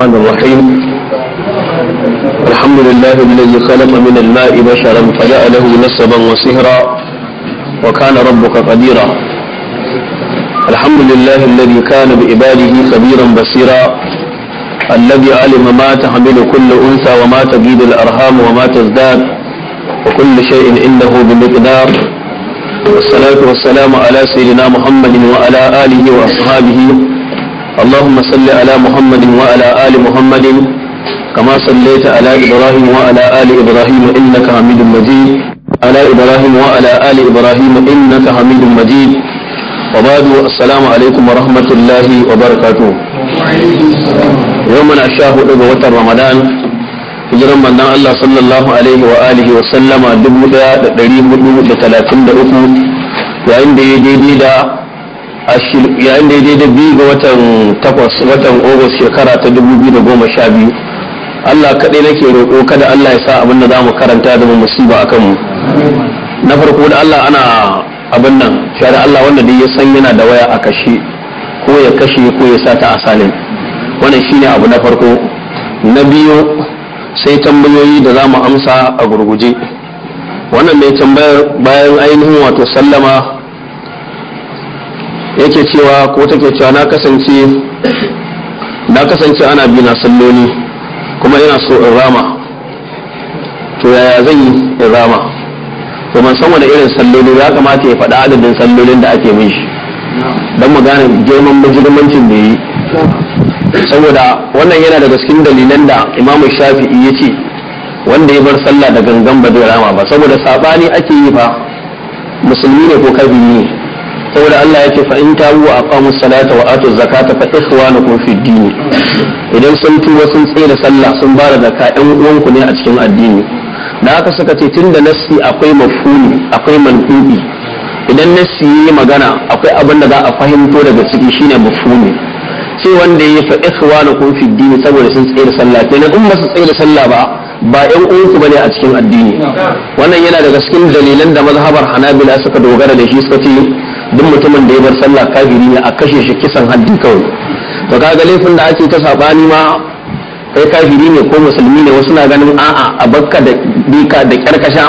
الرحمن الرحيم الحمد لله الذي خلق من الماء بشرا فجاء له نسبا وسهرا وكان ربك قديرا الحمد لله الذي كان بعباده خبيرا بصيرا الذي علم ما تحمل كل انثى وما تجيد الارهام وما تزداد وكل شيء انه بمقدار والصلاه والسلام على سيدنا محمد وعلى اله واصحابه اللهم صل على محمد وعلى آل محمد كما صليت على إبراهيم وعلى آل إبراهيم إنك حميد مجيد على إبراهيم وعلى آل إبراهيم إنك حميد مجيد وبعد السلام عليكم ورحمة الله وبركاته يومنا الشاهد وتر رمضان hijiran manzon Allah sallallahu alaihi wa alihi wa sallama 1433 yayin da ya daidai da yayin da daidai da biyu ga watan takwas watan ogos shekara ta dubu biyu da goma sha biyu allah kaɗai nake roƙo kada allah ya sa abin da za mu karanta da mu musiba a kanmu na farko da allah ana abin nan da allah wanda dai ya san yana da waya a kashe ko ya kashe ko ya sa ta salin. wannan shine abu na farko na biyu sai tambayoyi da za mu amsa a gurguje wannan mai tambayar bayan ainihin wato sallama yake cewa ko take cewa na kasance na kasance ana bina na salloli kuma ina so in rama to yaya zan yi in rama to man san wani irin salloli ya kamata ya faɗa adadin sallolin da ake mishi shi don mu gane girman majalimancin da yi saboda wannan yana daga cikin dalilan da imamu shafi'i ya ce wanda ya bar sallah da gangan ba zai rama ba saboda sabani ake yi ba musulmi ne ko kabiri ne saboda Allah ya ce fa in tabu wa aqamu salata wa atu zakata fa ikhwanukum fi dini idan sun tuba sun tsere sallah sun ba da zakka ɗan uwanku ne a cikin addini da aka saka ce tunda nassi akwai mafhumi akwai manhubi idan nassi yi magana akwai abin da za a fahimto daga ciki shine mafhumi sai wanda ya fa ikhwanukum fi dini saboda sun tsere sallah kenan in ba su tsere sallah ba ba ‘yan uwanku ba ne a cikin addini wannan yana daga cikin dalilan da mazhabar hanabila suka dogara da shi suka ce duk mutumin da ya bar sallah kafiri ne a kashe shi kisan haddi kawai to kaga laifin da ake ta sabani ma kai kafiri ne ko musulmi ne wasu na ganin a'a a bakka da bika da kyarkasha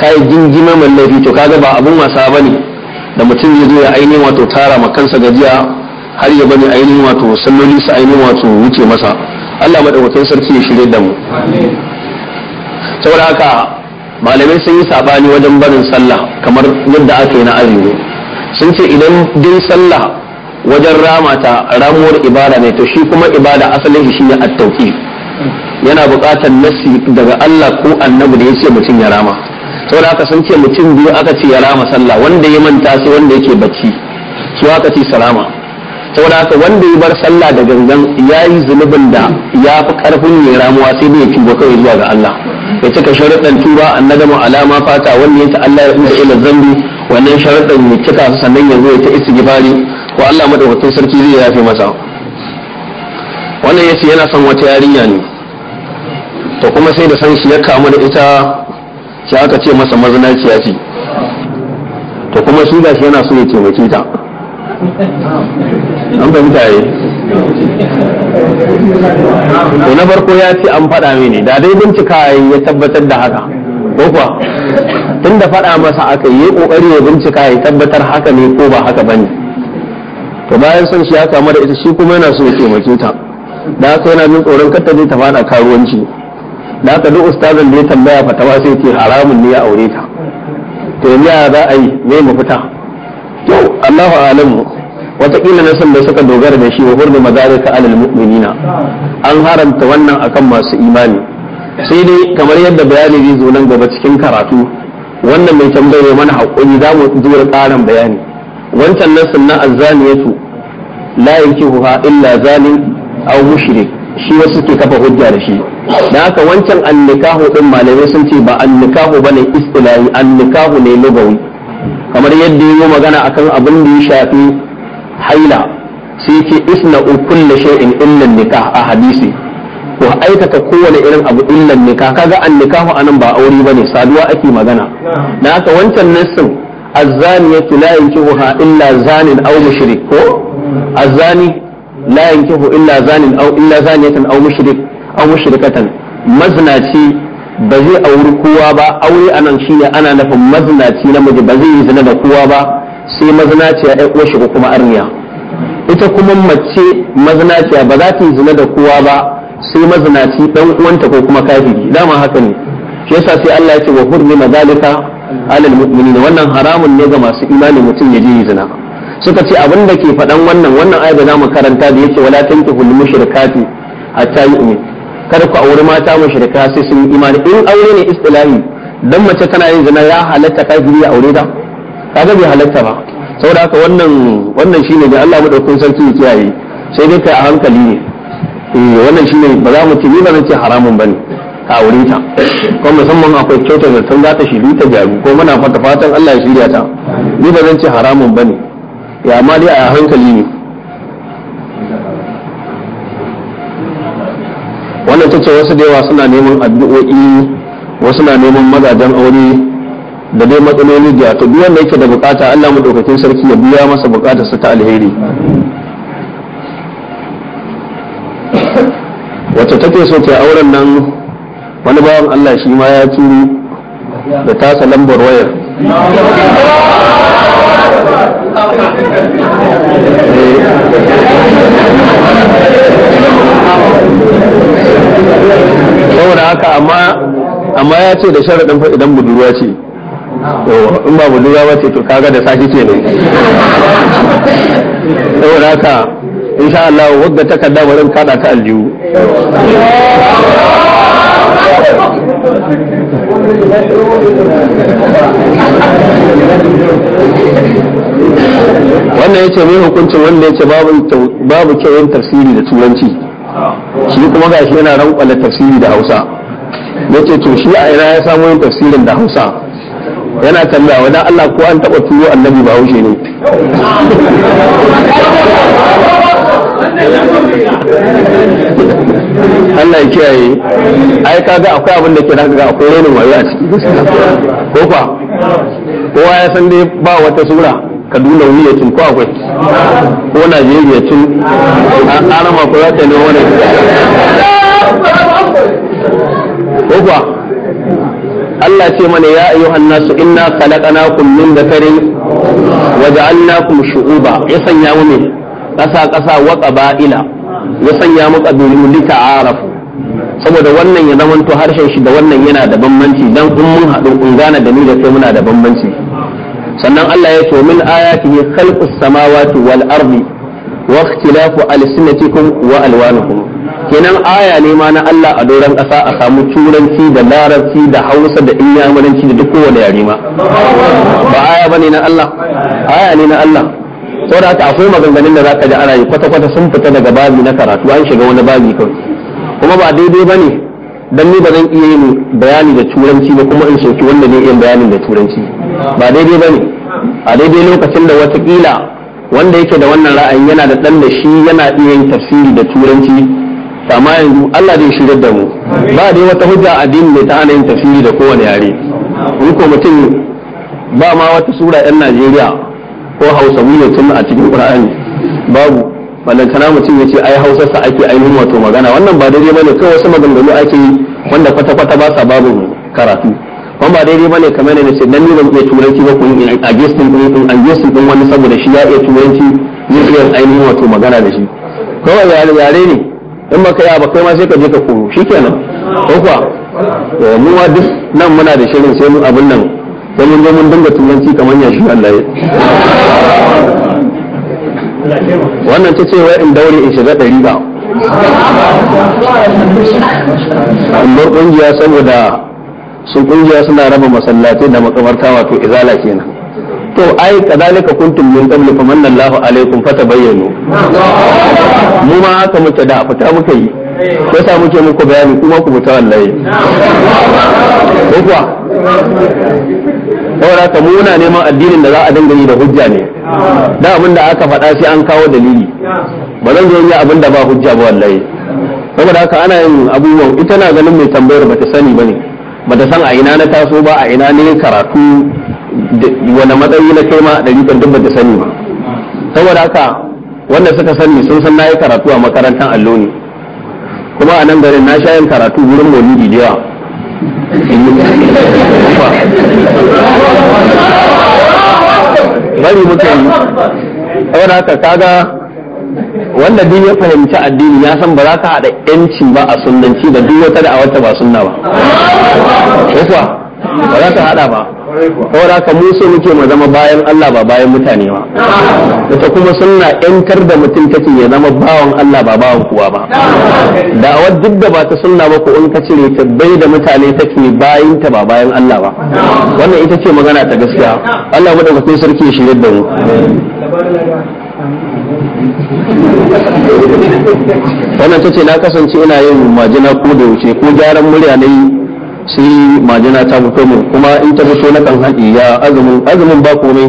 kai jinjima mai laifi to kaga ba abun wasa bane da mutum ya zo ya ainihin wato tara ma kansa gajiya har ya bani ainihin wato sallolin sa ainihin wato wuce masa Allah madaukakin sarki ya shirye da mu saboda haka malamai sun yi sabani wajen barin sallah kamar yadda aka yi na arewa sun ce idan din sallah wajen ramata ramuwar ibada ne to shi kuma ibada asalin shi ne attauki yana buƙatar nasi daga Allah ko annabi da ya ce mutum ya rama saboda haka sun ce mutum biyu aka ce ya rama sallah wanda ya manta sai wanda yake bacci su aka ce salama saboda haka wanda ya bar sallah da gangan ya yi zunubin da ya fi karfin ya ramuwa sai dai ya tuba kawai zuwa ga Allah ya cika sharuɗan tuba annadama alama fata wanda ya ta Allah ya umar ila zambi wannan sharuɗin ya cika su sannan ya zo ya ta ko Allah madaukakin sarki zai yafe masa wannan yace yana son wata yarinya ne to kuma sai da san shi ya kamu da ita shi aka ce masa mazinaciya ce to kuma shi gashi yana so ya taimake ta an fahimta yi to na farko ya ce an faɗa mini da dai bincika ya tabbatar da haka ko kuwa tun da faɗa masa aka yi ƙoƙari ya bincika ya tabbatar haka ne ko ba haka ba ne? to bayan son shi ya kama da ita shi kuma yana so ya taimake ta da haka yana jin tsoron kar ta je ta faɗa karuwanci da haka duk ustazan da ya tambaya fatawa sai ce haramun ne ya aure ta to yanzu ya za a yi me mafita to Allahu a'lamu wataƙila na san da suka dogara da shi wa hurdu ka alal mu'minina an haramta wannan akan masu imani sai dai kamar yadda bayani zai zo nan gaba cikin karatu wannan mai tambaye mana haƙuri za mu zuwa ƙarin bayani wancan nassin na layin ke yankihuha illa zalim aw mushrik shi wasu suke kafa hujja da shi dan haka wancan annikahu ɗin malamai sun ce ba annikahu bane istilahi annikahu ne lugawi kamar yadda yi magana akan abin da ya shafi haila sai ce isna'u kulle shay'in illa nikah a hadisi to aikata kowane irin abu illan nika kaga an nikahu anan ba aure bane saduwa ake magana na haka wancan nassin azzaniyatu la yankihuha illa zanin aw mushrik ko hmm. azzani la yankihu illa zanin aw illa zaniyatan aw mushrik aw mushrikatan maznaci ba zai auri kowa ba aure anan shine ana nufin maznaci namiji ba zai yi zina da kowa ba sai mazinaciya ya uwar shiga kuma arniya ita kuma mace maznaciya ba za ta yi zina da kowa ba sai mazinaci dan uwanta ko kuma kafiri dama haka ne shi yasa sai Allah ya ce wa hurmima zalika alal mu'minin wannan haramun ne ga masu imani mutum ya je zina suka ce abin da ke faɗan wannan wannan ayat da zamu karanta da yake wala tankihul mushrikati hatta yu'min kada ku auri mata mushrika sai sun yi imani in aure ne istilahi dan mace tana yin zina ya halatta kafiri ya aure ta kaga bai halatta ba saboda haka wannan wannan shine da Allah madaukakin sarki ya kiyaye sai dai kai a hankali ne Eh, wannan shine ba za mu ce ni ba zan ce haramun bane a wurin ta Ko musamman akwai kyauta da sun za ta shiri ta gyaru ko muna fata fatan Allah ya shirya ta ni ba zan ce haramun bane ya amma dai a hankali ne wannan ta ce wasu da yawa suna neman addu'o'i wasu na neman mazajen aure da dai matsaloli da ta biyan da yake da bukata Allah madaukakin sarki ya biya masa bukatarsa ta alheri wacce take so ta auren nan wani bawan Allah shi ma ya turu da tasa lambar wayar eh. saboda haka amma ya ce da sharaɗin fa idan budurwa ce to in ba budurwa ba ce to kaga da sashi ce ne saboda haka insha Allah wadda takarda bari kada ta aljihu wannan yace mai hukuncin wanda yace babu babu kyau tafsiri da turanci shi kuma gashi yana rankwala tafsiri da Hausa yace to shi a ina ya samu yin tafsirin da Hausa yana tambaya wadda Allah ko an taɓa turo annabi ba haushe ne Allah ya kiyaye ai kaga akwai abin da ke da kaga akwai rainin wayo a ciki ko kwa kowa ya san dai ba wata sura kaduna wuya tun ko akwai ko najeriya tun an ma ko ya ne wani ko kwa Allah ce mana ya ayyuhan nasu inna khalaqnakum min dhakarin wa ja'alnakum shu'uba ya sanya mu ne ƙasa ƙasa wa ƙaba'ila ya sanya mu qabilu li ta'arafu saboda wannan ya zamanto harshen shi da wannan yana da bambanci dan in mun haɗu in gane da ni da kai muna da bambanci sannan Allah ya ce min ayatihi khalqus samawati wal ardi wa ikhtilafu alsinatikum wa alwanikum kenan aya ne ma na Allah a doron ƙasa a samu turanci da larabci da hausa da inyamuranci da duk kowane yare ma ba aya bane na Allah aya ne na Allah saboda haka akwai maganganun da zaka ji ana yi kwata kwata sun fita daga babi na karatu an shiga wani babi kawai kuma ba daidai bane dan ni ba zan iya yin bayani da turanci ba kuma in soki wanda ne yin bayanin da turanci ba daidai bane a daidai lokacin da watakila wanda yake da wannan ra'ayin yana da dan da shi yana iya yin tafsiri da turanci amma yanzu Allah zai shirar da mu ba dai wata hujja addini ne ta hana yin tafsiri da kowane yare in ko mutum ba ma wata sura 'yan Najeriya ko hausa ne tun a cikin qur'ani babu balantana mutum ya ce ai sa ake ainihin wato magana wannan ba daidai bane kawai wasu maganganu ake yi wanda kwata kwata ba sa babu karatu kuma ba daidai bane kamar ne ce nan ni ban iya turanci ba kun a gesin din a wani saboda shi ya iya turanci zai iya ainihin wato magana da shi kawai yare yare ne in baka yi ba kai ma sai ka je ka koyo shikenan ko kuwa mu ma duk nan muna da shirin sai mu abin nan sai mun zo mun dinga tunanci kamar ya shi Allah ya wannan ta ce wa in daure in shiga ɗari ba in ƙungiya saboda sun ƙungiya suna raba masallatai da makamarta wato izala kenan to ai kadalika kuntum min qabl fa manna Allahu alaikum tabayyanu mu ma haka muke da fita muka yi sa muke muku bayani kuma ku fita wallahi saboda ta muna neman addinin da za a dangane da hujja ne da abin da aka faɗa sai an kawo dalili ba zan zo yi abin da ba hujja ba wallahi saboda haka ana yin abubuwan ita na ganin mai tambayar bata sani ba ba bata san a ina na taso ba a ina ne karatu wani matsayi na kai ma da rikon duk bata sani ba saboda haka wanda suka sani sun san na yi karatu a makarantar allo ne kuma a nan garin na sha yin karatu wurin maulidi da yawa ba bari muke yi saboda haka kaga wanda duk ya fahimci addini ya san ba za ka haɗa yanci ba a sunanci ba duk wata da a wata ba sunna ba ba za ta hada ba kawai haka mu so muke mu zama bayan Allah ba bayan mutane ba wata kuma suna yankar da mutum take ya zama bawan Allah ba bawan kuwa ba da'awar duk da ba ta sunna ba ko in ka cire ta bai da mutane take bayin ta ba bayan Allah ba wannan ita ce magana ta gaskiya Allah madaukakin sarki ya shirye da mu wannan ta ce na kasance ina yin majina ko da wuce ko gyaran murya na yi sai majina ta fito mu kuma in ta fito na kan haɗi ya azumin azumin ba komai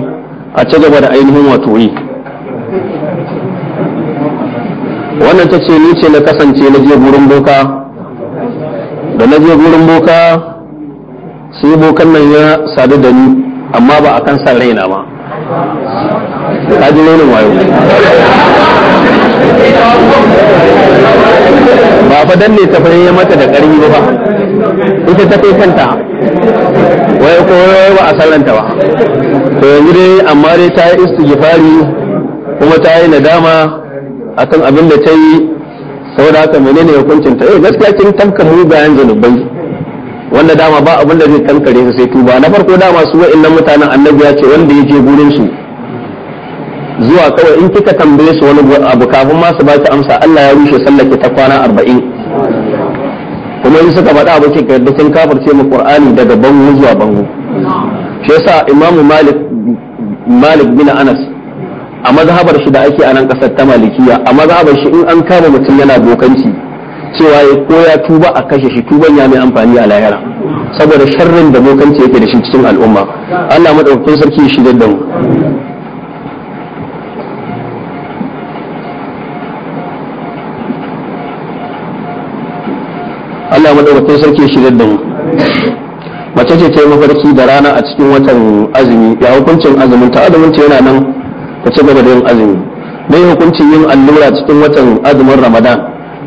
a ci gaba da ainihin wato yi wannan ta ce ni ce na kasance na je gurin boka da na je gurin boka sai bokan nan ya sadu da ni amma ba a kan san raina ba ta ji launin wayo ba fa danne ta fahimta mata da ƙarfi ba ita ta kai kanta wai ko ba a sallanta ba to yanzu dai amma dai ta yi istighfari kuma ta yi nadama akan abin da ta yi saboda haka menene hukuncin ta eh gaskiya kin tamka ne bai wanda dama ba abin da zai tankare su sai ba. na farko dama su wa'annan mutanen annabi ya ce wanda ya je gurin su zuwa kawai in kika tambaye su wani abu kafin ma su ki amsa Allah ya rushe sallake ta kwana arba'in kuma in suka faɗa abokin ka yadda sun kafirce mu qur'ani daga bango zuwa bango shi yasa imamu malik malik bin anas a mazhabar shi da ake a nan kasar ta malikiya a mazhabar shi in an kama mutum yana dokanci cewa ya koya tuba a kashe shi tuban ya mai amfani a lahira saboda sharrin da dokanci yake da shi cikin al'umma Allah madaukakin sarki shi da mu Allah madaukakin sarki shirin da mu mace ce ta yi mafarki da rana a cikin watan azumi ya hukuncin azumin ta azumin ta yana nan ta ci gaba da yin azumi yi hukuncin yin allura cikin watan azumin ramadan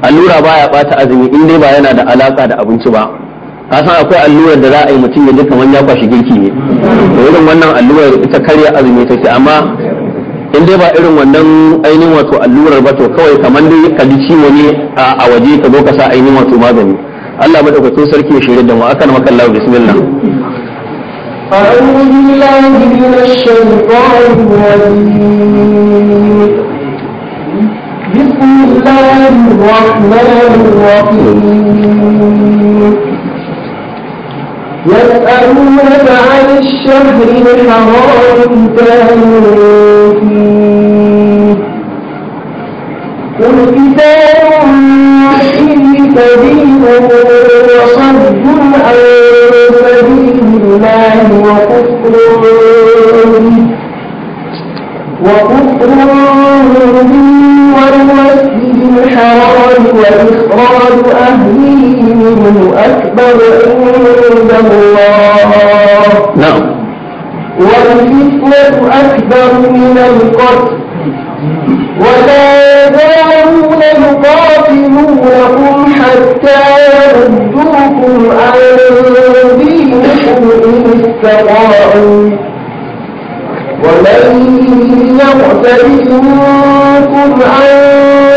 allura ba ya bata azumi in dai ba yana da alaka da abinci ba ka san akwai allurar da za a yi mutum ya ji kamar ya kwashi girki ne to irin wannan allurar ita karya azumi take amma in dai ba irin wannan ainihin wato allurar ba to kawai kamar dai ka ji ciwo ne a waje ka zo ka sa ainihin wato magani Allah madaukakin sarki ya shirya da mu akan makallahu bismillah أعوذ بالله من الشيطان الرجيم بسم الله الرحمن الرحيم يسألونك عن الشهر الحرام كانوا قل كتاب فيه كبير وصد عن سبيل الله وكفر وكفر به والمسجد الحرام وإخراج أهله منه أكبر عند الله نعم والفتنة أكبر من القتل ولا يزالون يقاتلونكم حتى يردوكم عن دينكم إن استطاعوا ومن يقتل منكم عن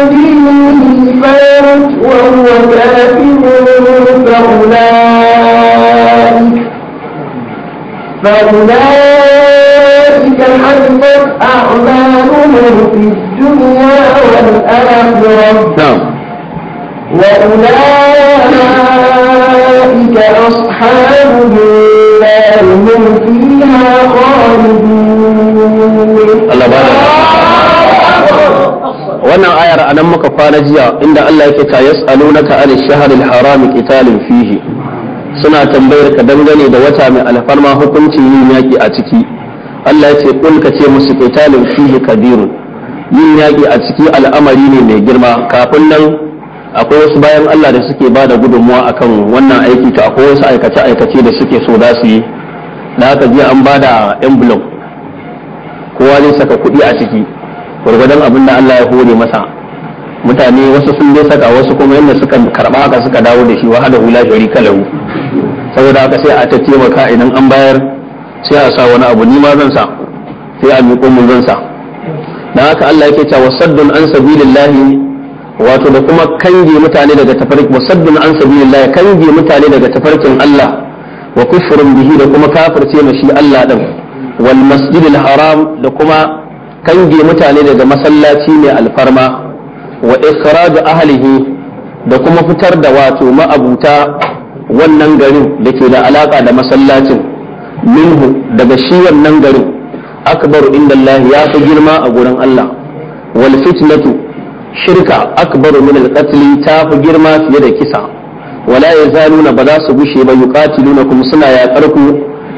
دينه فيمت وهو كافر فأولئك فأولئك تلك أعمالهم في الدنيا والآخرة نعم وأولئك أصحاب النار هم فيها خالدون الله بارك wannan ayar a nan muka kwana jiya inda Allah yake ta yas'alunaka an ash-shahr al-haram qitalin fihi suna tambayar ka dangane da wata mai alfarma hukuncin yin yaki a ciki Allah ce kul ka ce musu qitalun fihi Kabiru. yin yaƙi a ciki al'amari ne mai girma kafin nan akwai wasu bayan Allah da suke ba da gudunmuwa akan wannan aiki to akwai wasu aikace aikace da suke so za su yi da haka jiya an ba da envelope kowa zai saka kuɗi a ciki gwargwadon abin da Allah ya hore masa mutane wasu sun dai saka wasu kuma yadda suka karba haka suka dawo da shi wahala hula shari kalau saboda haka sai a ta taimaka idan an bayar sai a sa wani abu ni ma zan sa sai a miƙo mun zan sa Da haka Allah yake cewa saddun an sabilillahi wato da kuma kange mutane daga tafarkin wasaddun an sabilillahi kange mutane daga tafarkin Allah wa kufrun bihi da kuma kafirce mashi Allah din wal masjidil haram da kuma kange mutane daga masallaci mai alfarma wa ikhraj ahlihi da kuma fitar da wato ma'abuta wannan garin da ke da alaka da masallacin minhu daga shi wannan garin akbaru inda Allah ya fi girma a gurin Allah wal fitnatu shirka akbaru min al ta fi girma fiye da kisa wala yazaluna ba za su gushe ba yuqatilunakum suna yaƙar ku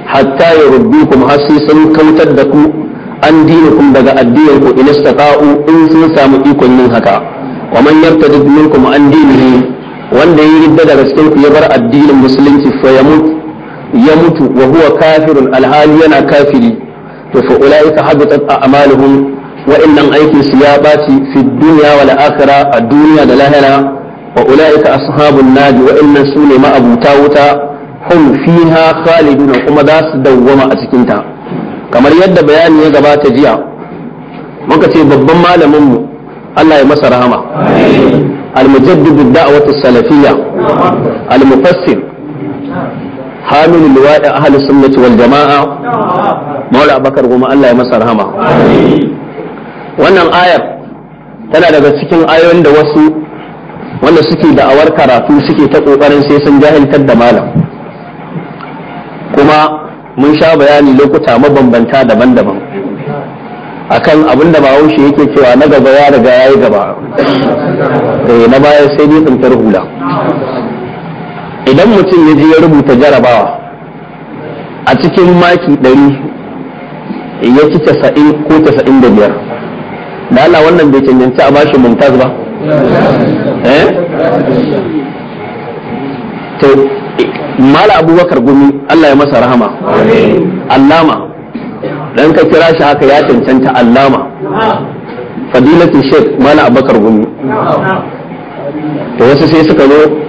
hatta yurdukum har sai sun kautar da ku an dinakum daga addinin ku in istaqa'u in sun samu ikon yin haka wa man yartadid minkum an dinihi wanda ya ridda daga cikin ku ya bar addinin musulunci fa yamut ya mutu wa huwa kafirun alhali yana kafiri to fa ulaika habatat a'maluhum wa'annan aikin su ya baci fi duniya wa akhirah a duniya da lahira wa ulaika ashabun nadi wa'annan su ne ma'abuta wuta hum fiha khaliduna kuma za su dawwama a cikin ta kamar yadda bayani ya gabata jiya muka ce babban malamin mu Allah ya masa rahama al-mujaddid da'wat wata salafiyya al-mufassir hamilul liwa'i ahli sunnati wal jama'a maula abakar goma Allah ya masa rahama wannan ayar tana daga cikin ayoyin da wasu wanda suke da'awar karatu suke ta kokarin sai sun jahiltar da malam kuma mun sha bayani lokuta mabambanta daban-daban akan abin da bahaushe yake cewa na gaba ya riga ya yi gaba eh, na baya sai dai tsintar hula idan mutum ya je ya rubuta jarabawa a cikin maki ɗari ya ci casa'in ko casa'in da biyar da Allah wannan bai cancanci a bashi mumtaz ba eh to mala abubakar gumi Allah ya masa rahama allama dan ka kira shi haka ya cancanta allama fadilatul shek mala abubakar gumi to wasu sai suka zo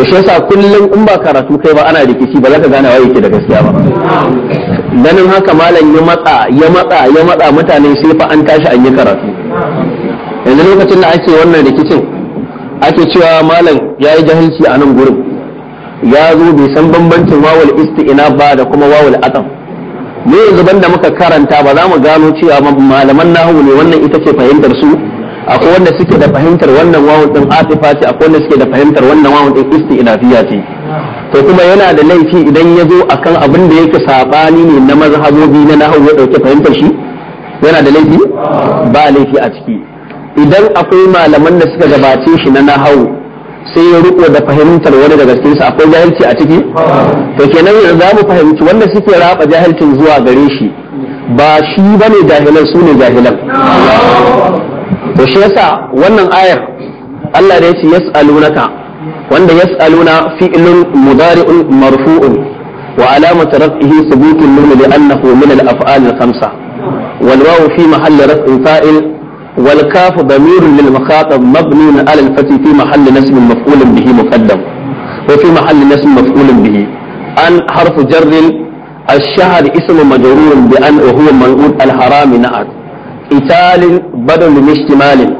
to shi yasa kullum in ba karatu kai ba ana rikici ba za ka gane waye yake da gaskiya ba ganin haka malam ya matsa ya matsa ya matsa mutane sai fa an tashi an yi karatu yanzu lokacin da ake wannan rikicin ake cewa malam ya yi jahilci a nan gurin ya zo bai san bambancin wawul isti'ina ba da kuma wawul atam mu yanzu banda muka karanta ba za mu gano cewa malaman nahu ne wannan ita ce fahimtar su akwai wanda suke da fahimtar wannan wawon din atifa ce akwai wanda suke da fahimtar wannan wawon din isti'nafiya ce to kuma yana da laifi idan ya zo akan abin da yake sabani ne na mazhabobi na nahawu ya dauke fahimtar shi yana da laifi ba laifi a ciki idan akwai malaman da suka gabace shi na nahawu sai ya riko da fahimtar wani daga cikin su akwai jahilci a ciki to kenan za mu fahimci wanda suke raba jahilcin zuwa gare shi ba shi bane jahilan su ne jahilan to shi yasa wannan ayar Allah da yace yas'alunaka wanda yas'aluna fi'lun mudari'un marfu'un wa alamatu raf'ihi thubutun nun li'annahu min al-af'al al-khamsa wal wawu fi mahalli raf'in fa'il wal kaf damir lil mukhatab mabniun 'ala al-fath fi mahalli nasb maf'ul bihi muqaddam wa fi mahalli nasb maf'ul bihi an harfu jarr الشهر اسم مجرور بأن وهو منقول الحرام نعت italin badal mishtimalin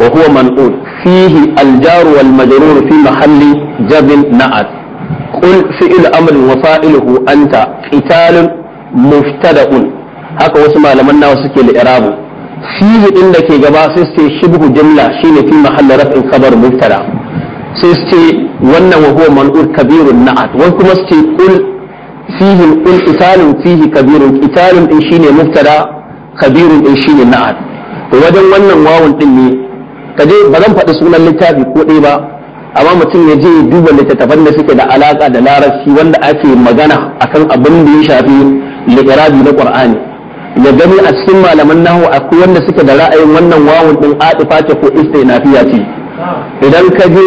wa huwa manqul fihi aljar wal majrur fi mahalli jabin na'at qul fi'l amrin wa fa'iluhu anta italin haka wasu malaman nawa suke li'irabu fihi din da ke gaba sai su ce shibhu jumla shine fi mahalli raf'in khabar mubtada sai su ce wannan wa huwa manqul kabirun na'at wai kuma su ce qul fihi italin fihi kabirun italin din shine mubtada Kabiru din shine na'at to wajen wannan wawun din ne kaje ba zan faɗi sunan littafi ko ɗaya ba amma mutum ya je duba littattafan da suke da alaka da larabci wanda ake magana akan abin da ya shafi li'irabi na qur'ani ya gani a cikin malaman nahu akwai wanda suke da ra'ayin wannan wawun din atifa ce ko istinafiya ce idan ka je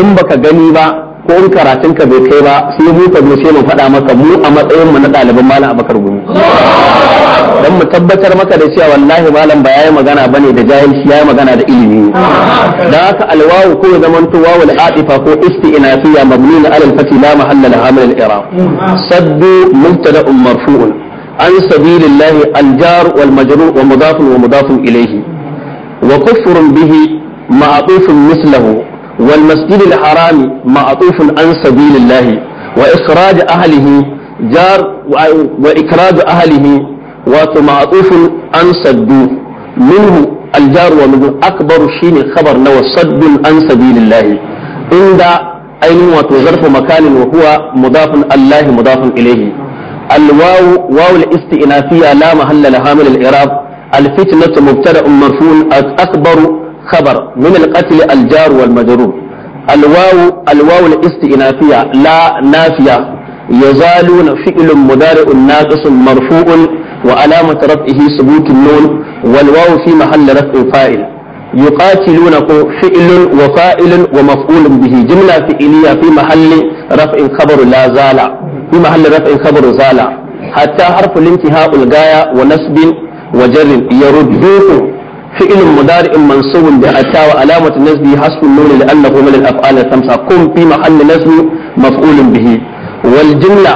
in baka gani ba ko in karatun ka bai kai ba sai mu ka zo sai mu faɗa maka mu a matsayin mu na ɗaliban malam abakar gumi dan mu tabbatar maka da cewa wallahi malam ba yayi magana bane da jahilci yayi magana da ilimi dan haka alwawu ko zaman to wawu al ko isti'nafiya mabniun ala al-fati la mahalla la amil al-i'rab saddu mubtada'un marfu'un an sabilillahi al-jar wal majrur wa mudaf wa mudaf ilayhi wa kufrun bihi ma'tufun mislahu wal masjid al haram ma'tufun an sabilillah wa israj ahlihi jar wa ikraj ahlihi wato ma'tufun an saddu minhu al jar wa min akbar shine kabar na wasaddun an sabilillah inda ainihin wato zarfu makanin huwa mudafun allahi mudafun ilayhi الواو واو الاستئنافية لا محل لها من الإعراب الفتنة مبتدأ مرفوع أكبر khabar min al-qatl al-jar wal majrur al-waw al-waw al-istinafiya la nafiya yazaluna fi'lun mudari'un naqisun marfu'un وعلامة رفعه ثبوت النون والواو في محل رفع فاعل يقاتلونكم فعل وفاعل ومفعول به جملة فعلية في محل رفع خبر لا زال في محل رفع خبر زال حتى حرف الانتهاء الغاية ونسب وجر يردوكم فعل مضارع منصوب بأتى وعلامة نصبه حسب النون لأنه من الأفعال الخمسة قم في محل نصب مفعول به والجملة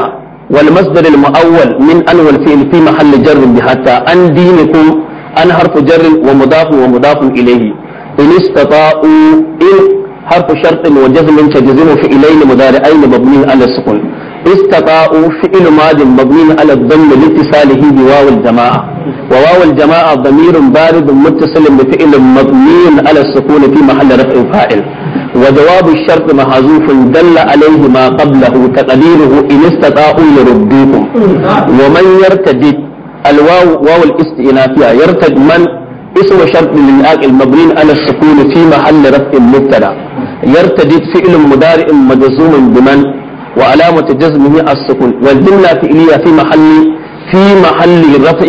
والمصدر المؤول من أن والفعل في محل جر بحتى أن دينكم أن حرف جر ومضاف ومضاف إليه إن استطاعوا إن حرف شرط وجزم تجزم في إليه مضارعين مبني على السكون استطاعوا فعل ماض مبني على الضم لاتصاله بواو الجماعة وواو الجماعة ضمير بارد متصل بفعل مبني على السكون في محل رفع فاعل وجواب الشرط محذوف دل عليه ما قبله تقديره إن استطاعوا يربيكم ومن يرتد الواو واو الاستئنافية يرتد من اسم شرط للآك المبني على السكون في محل رفع مبتدأ يرتد فعل مضارع مجزوم بمن وعلامة جزمه السكون والجملة فعلية في محل في محل رفع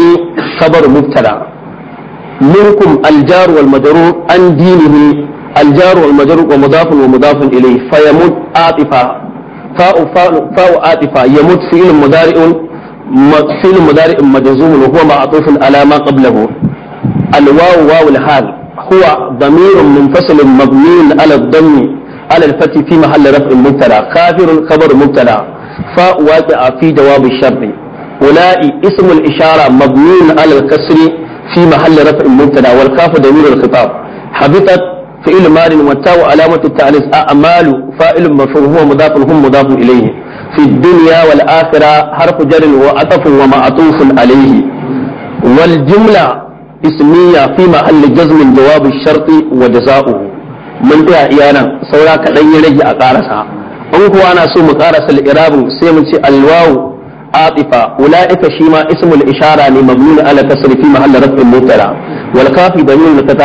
خبر مبتدأ منكم الجار والمجرور عن دينه الجار والمجرور ومضاف ومضاف إليه فيموت عاطفة فاء فاء عاطفة يموت فعل مضارع فعل مضارع مجزوم وهو معطوف على ما قبله الواو واو الحال هو ضمير منفصل مبني على الضم على الفتح في محل رفع المبتلى كافر خبر مبتلى فاء واقع في جواب الشر أولئي اسم الإشارة مضمون على الكسر في محل رفع المبتلى والكاف ضمير الخطاب حبطت فعل مال والتاء علامة التعليس أعمال فاعل مفعول هو مضاف هم مضاف إليه في الدنيا والآخرة حرف جر وعطف ومعطوف عليه والجملة اسمية في محل جزم جواب الشرط وجزاؤه mun tsaya iya nan saura kaɗan ya rage a ƙarasa in kuwa na so mu ƙarasa al'irabin sai mu ce alwawu atifa ula'ika shi ma ismul ishara ne mabnun ala kasri fi mahalla rafin mutala wal kafi damir al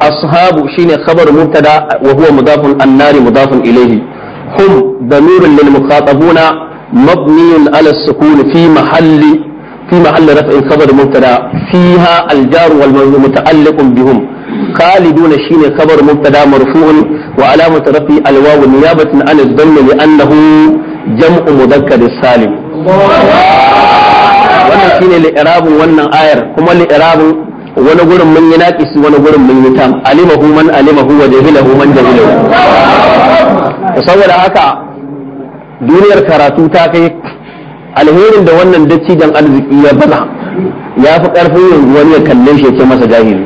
ashabu shine khabar mubtada wa huwa mudafun annari mudafun ilayhi hum damirun lil muqatabuna مبني على السكون في محل في محل رفع خبر مبتدا فيها الجار والمجرور متعلق بهم خالدون شين خبر مبتدا مرفوع وعلامة رفي الواو نيابة عن الضم لأنه جمع مذكر سالم wannan shine li'irabin wannan ayar kuma li'irabin wani gurin mun yi naƙisi wani gurin mun yi tam alimahu man alimahu wa hu man jahilahu saboda haka duniyar karatu ta kai alherin da wannan dan arziki ya bana ya fi ƙarfin yanzu wani ya kalle shi ya ce masa jahili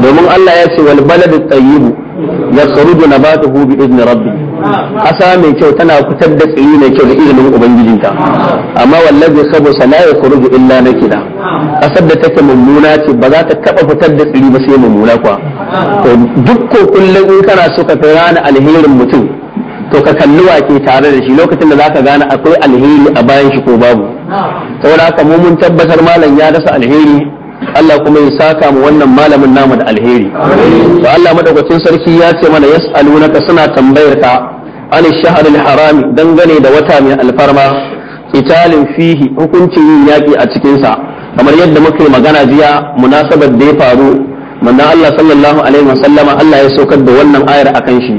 domin Allah ya ce wal baladu tayyibu yakhruju nabatuhu bi idni rabbi ƙasa mai kyau tana fitar da tsiri mai kyau da izinin ubangijinta amma wallahi saboda la yakhruju illa nakida ƙasar da take mummuna ce ba za ta taba fitar da tsiri ba sai mummuna kwa to duk ko kullun in kana so ka gane alherin mutum to ka kalli wake tare da shi lokacin da zaka gane akwai alheri a bayan shi ko babu saboda haka mu mun tabbatar malam ya dasa alheri Allah kuma ya saka mu wannan malamin namu da alheri to Allah madaukakin sarki ya ce mana yas'alunaka suna tambayar ka an shahr al-haram dangane da wata mai alfarma qitalin fihi hukuncin yin yaki a cikin sa kamar yadda muka magana jiya munasabar da ya faru manzon Allah sallallahu alaihi wasallama Allah ya saukar da wannan ayar akan shi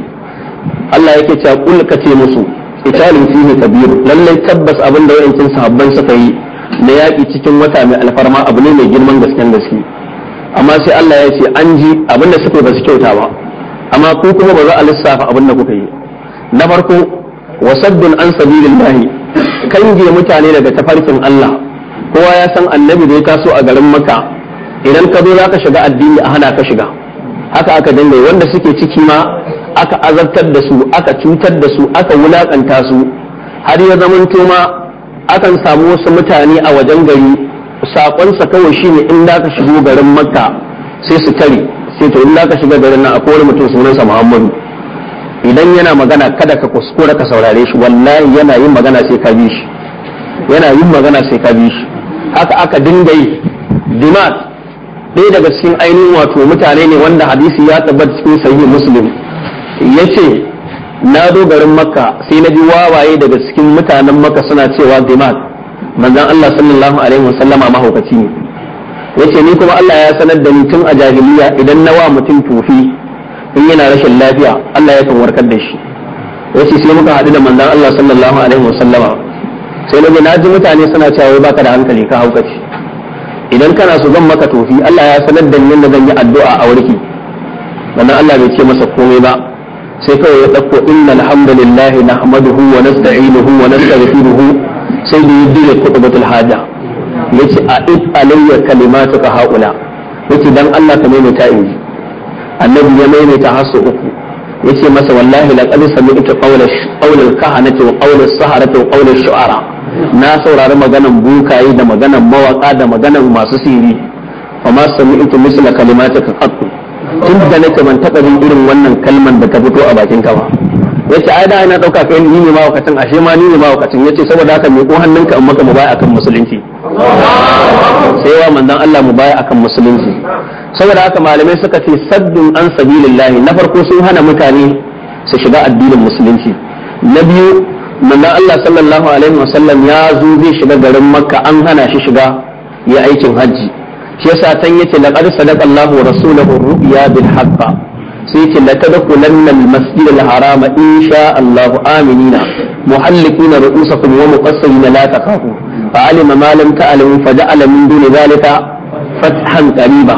Allah yake cewa kul ka ce musu qitalin fihi kabir lallai tabbas abin da wayancin sahabban suka yi na yaƙi cikin wata mai alfarma abu ne mai girman gasken gaske amma sai Allah ya ce an ji abin da suka ba su kyauta ba amma ku kuma ba za a lissafa abin da kuka yi na farko wasaddun an kan kange mutane daga tafarkin Allah kowa ya san annabi da ya taso a garin maka, idan ka zo za ka shiga addini a hana ka shiga haka aka dinga wanda suke ciki ma aka azabtar da su aka cutar da su aka wulakanta su har ya zamanto ma akan samu wasu mutane a wajen gari sakonsa kawai shine in da ka shigo garin makka sai su tare sai to in da ka shiga garin nan akwai wani mutum sunansa muhammadu idan yana magana kada ka kuskura ka saurare shi wallahi yana yin magana sai ka bi shi yana yin magana sai ka bi shi haka aka dinga yi dimat ɗaya daga cikin ainihin wato mutane ne wanda hadisi ya tabbata cikin sahihi muslim yace na zo garin makka sai na ji wawaye daga cikin mutanen makka suna cewa dimag manzon Allah sallallahu alaihi wasallama mahaukaci ne yace ni kuma Allah ya sanar da ni tun a jahiliya idan na wa mutum tofi, in yana rashin lafiya Allah ya yakan warkar da shi yace sai muka haɗu da manzon Allah sallallahu alaihi wasallama sai na na ji mutane suna cewa baka da hankali ka haukaci idan kana so zan maka tofi Allah ya sanar da ni yadda zan yi addu'a a warki wannan Allah bai ce masa komai ba sai kawai ya ɗauko innal na nahmaduhu wa nasta'inuhu wa nastaghfiruhu sai da ya dire kutubatul haja yace a if alayya kalimatuka haula yace dan Allah ka maimaita in ji annabi ya maimaita har sau uku yace masa wallahi laqad sami'tu qawla qawla al-kahanati wa qawla as wa qawla shuara na saurari maganan bukaye da maganan mawaka da maganan masu siri fa ma sami'tu misla ka qattu tun da nake ban taɓa jin irin wannan kalman da ta fito a bakin ka ba yace ai da ina dauka kai ni ne ma wakacin ashe ma ni ne ma Ya yace saboda haka me ko hannunka in maka mubaya akan musulunci sai wa manzon Allah mubaya akan musulunci saboda haka malamai suka ce saddun an sabilillahi na farko sun hana mutane su shiga addinin musulunci na biyu manzon Allah sallallahu alaihi wasallam ya zo zai shiga garin Makka an hana shi shiga ya aikin hajji shi yasa tan yace laqad sadaqa Allahu wa rasuluhu ru'ya bil haqq sai yace la tadkhulanna al masjid al haram insha Allahu aminina muhallikina ru'usakum wa muqassirina la taqafu fa alima ma lam ta'lamu fa ja'ala min duni zalika fathan qariba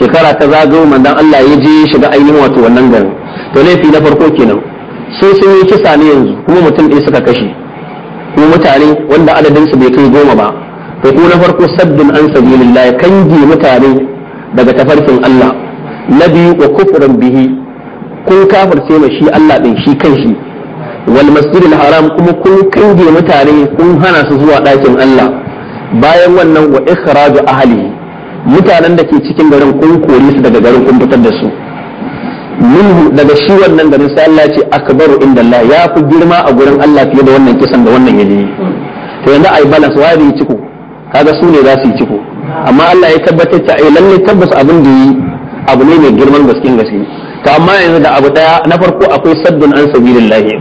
shekara ta zagayo manzon Allah ya je shiga ainihin wato wannan garin to laifi na farko kenan sun sun yi kisa ne yanzu kuma mutum ɗaya suka kashe kuma mutane wanda adadin su bai kai goma ba ko na farko sabbin an sabilillah kange mutane daga tafarkin Allah na biyu wa kufurin bihi kun kafirce ma shi Allah ɗin shi kanshi wal masjidil haram kuma kun kange mutane kun hana su zuwa ɗakin Allah bayan wannan wa ikhraju ahli mutanen da ke cikin garin kun kore su daga garin kun fitar da su minhu daga shi wannan garin sai Allah ce akbaru inda Allah ya fi girma a gurin Allah fiye da wannan kisan da wannan yaje to yanzu ai balance waye ne ciko kaga su ne za su yi ciko amma Allah ya tabbatar ta ai eh, lalle tabbas abin da yi abu ne mai girman gaskin gaske to amma yanzu da abu daya na farko akwai saddun an sabilillahi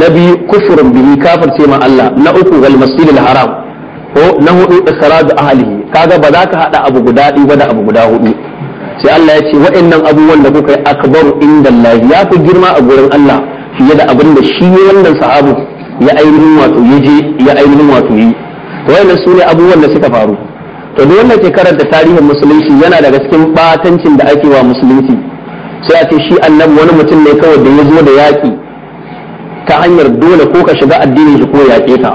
na biyu kufrun bihi kafirce ma Allah na uku wal masjidil haram ko na hudu ikhraju ahlihi kaga ba za ka hada abu guda ɗaya ba da abu guda hudu sai Allah ya ce waɗannan abubuwan da kuka yi akbaru inda Allah ya fi girma a gurin Allah fiye da abin da shi wannan sahabu ya ainihin wato ya je ya ainihin wato yi wayannan sune ne abubuwan da suka faru to duk wanda ke karanta tarihin musulunci yana daga cikin batancin da ake wa musulunci sai a ce shi annabi wani mutum ne kawai da ya zo da yaƙi ta hanyar dole ko ka shiga addinin shi ko yaƙe ka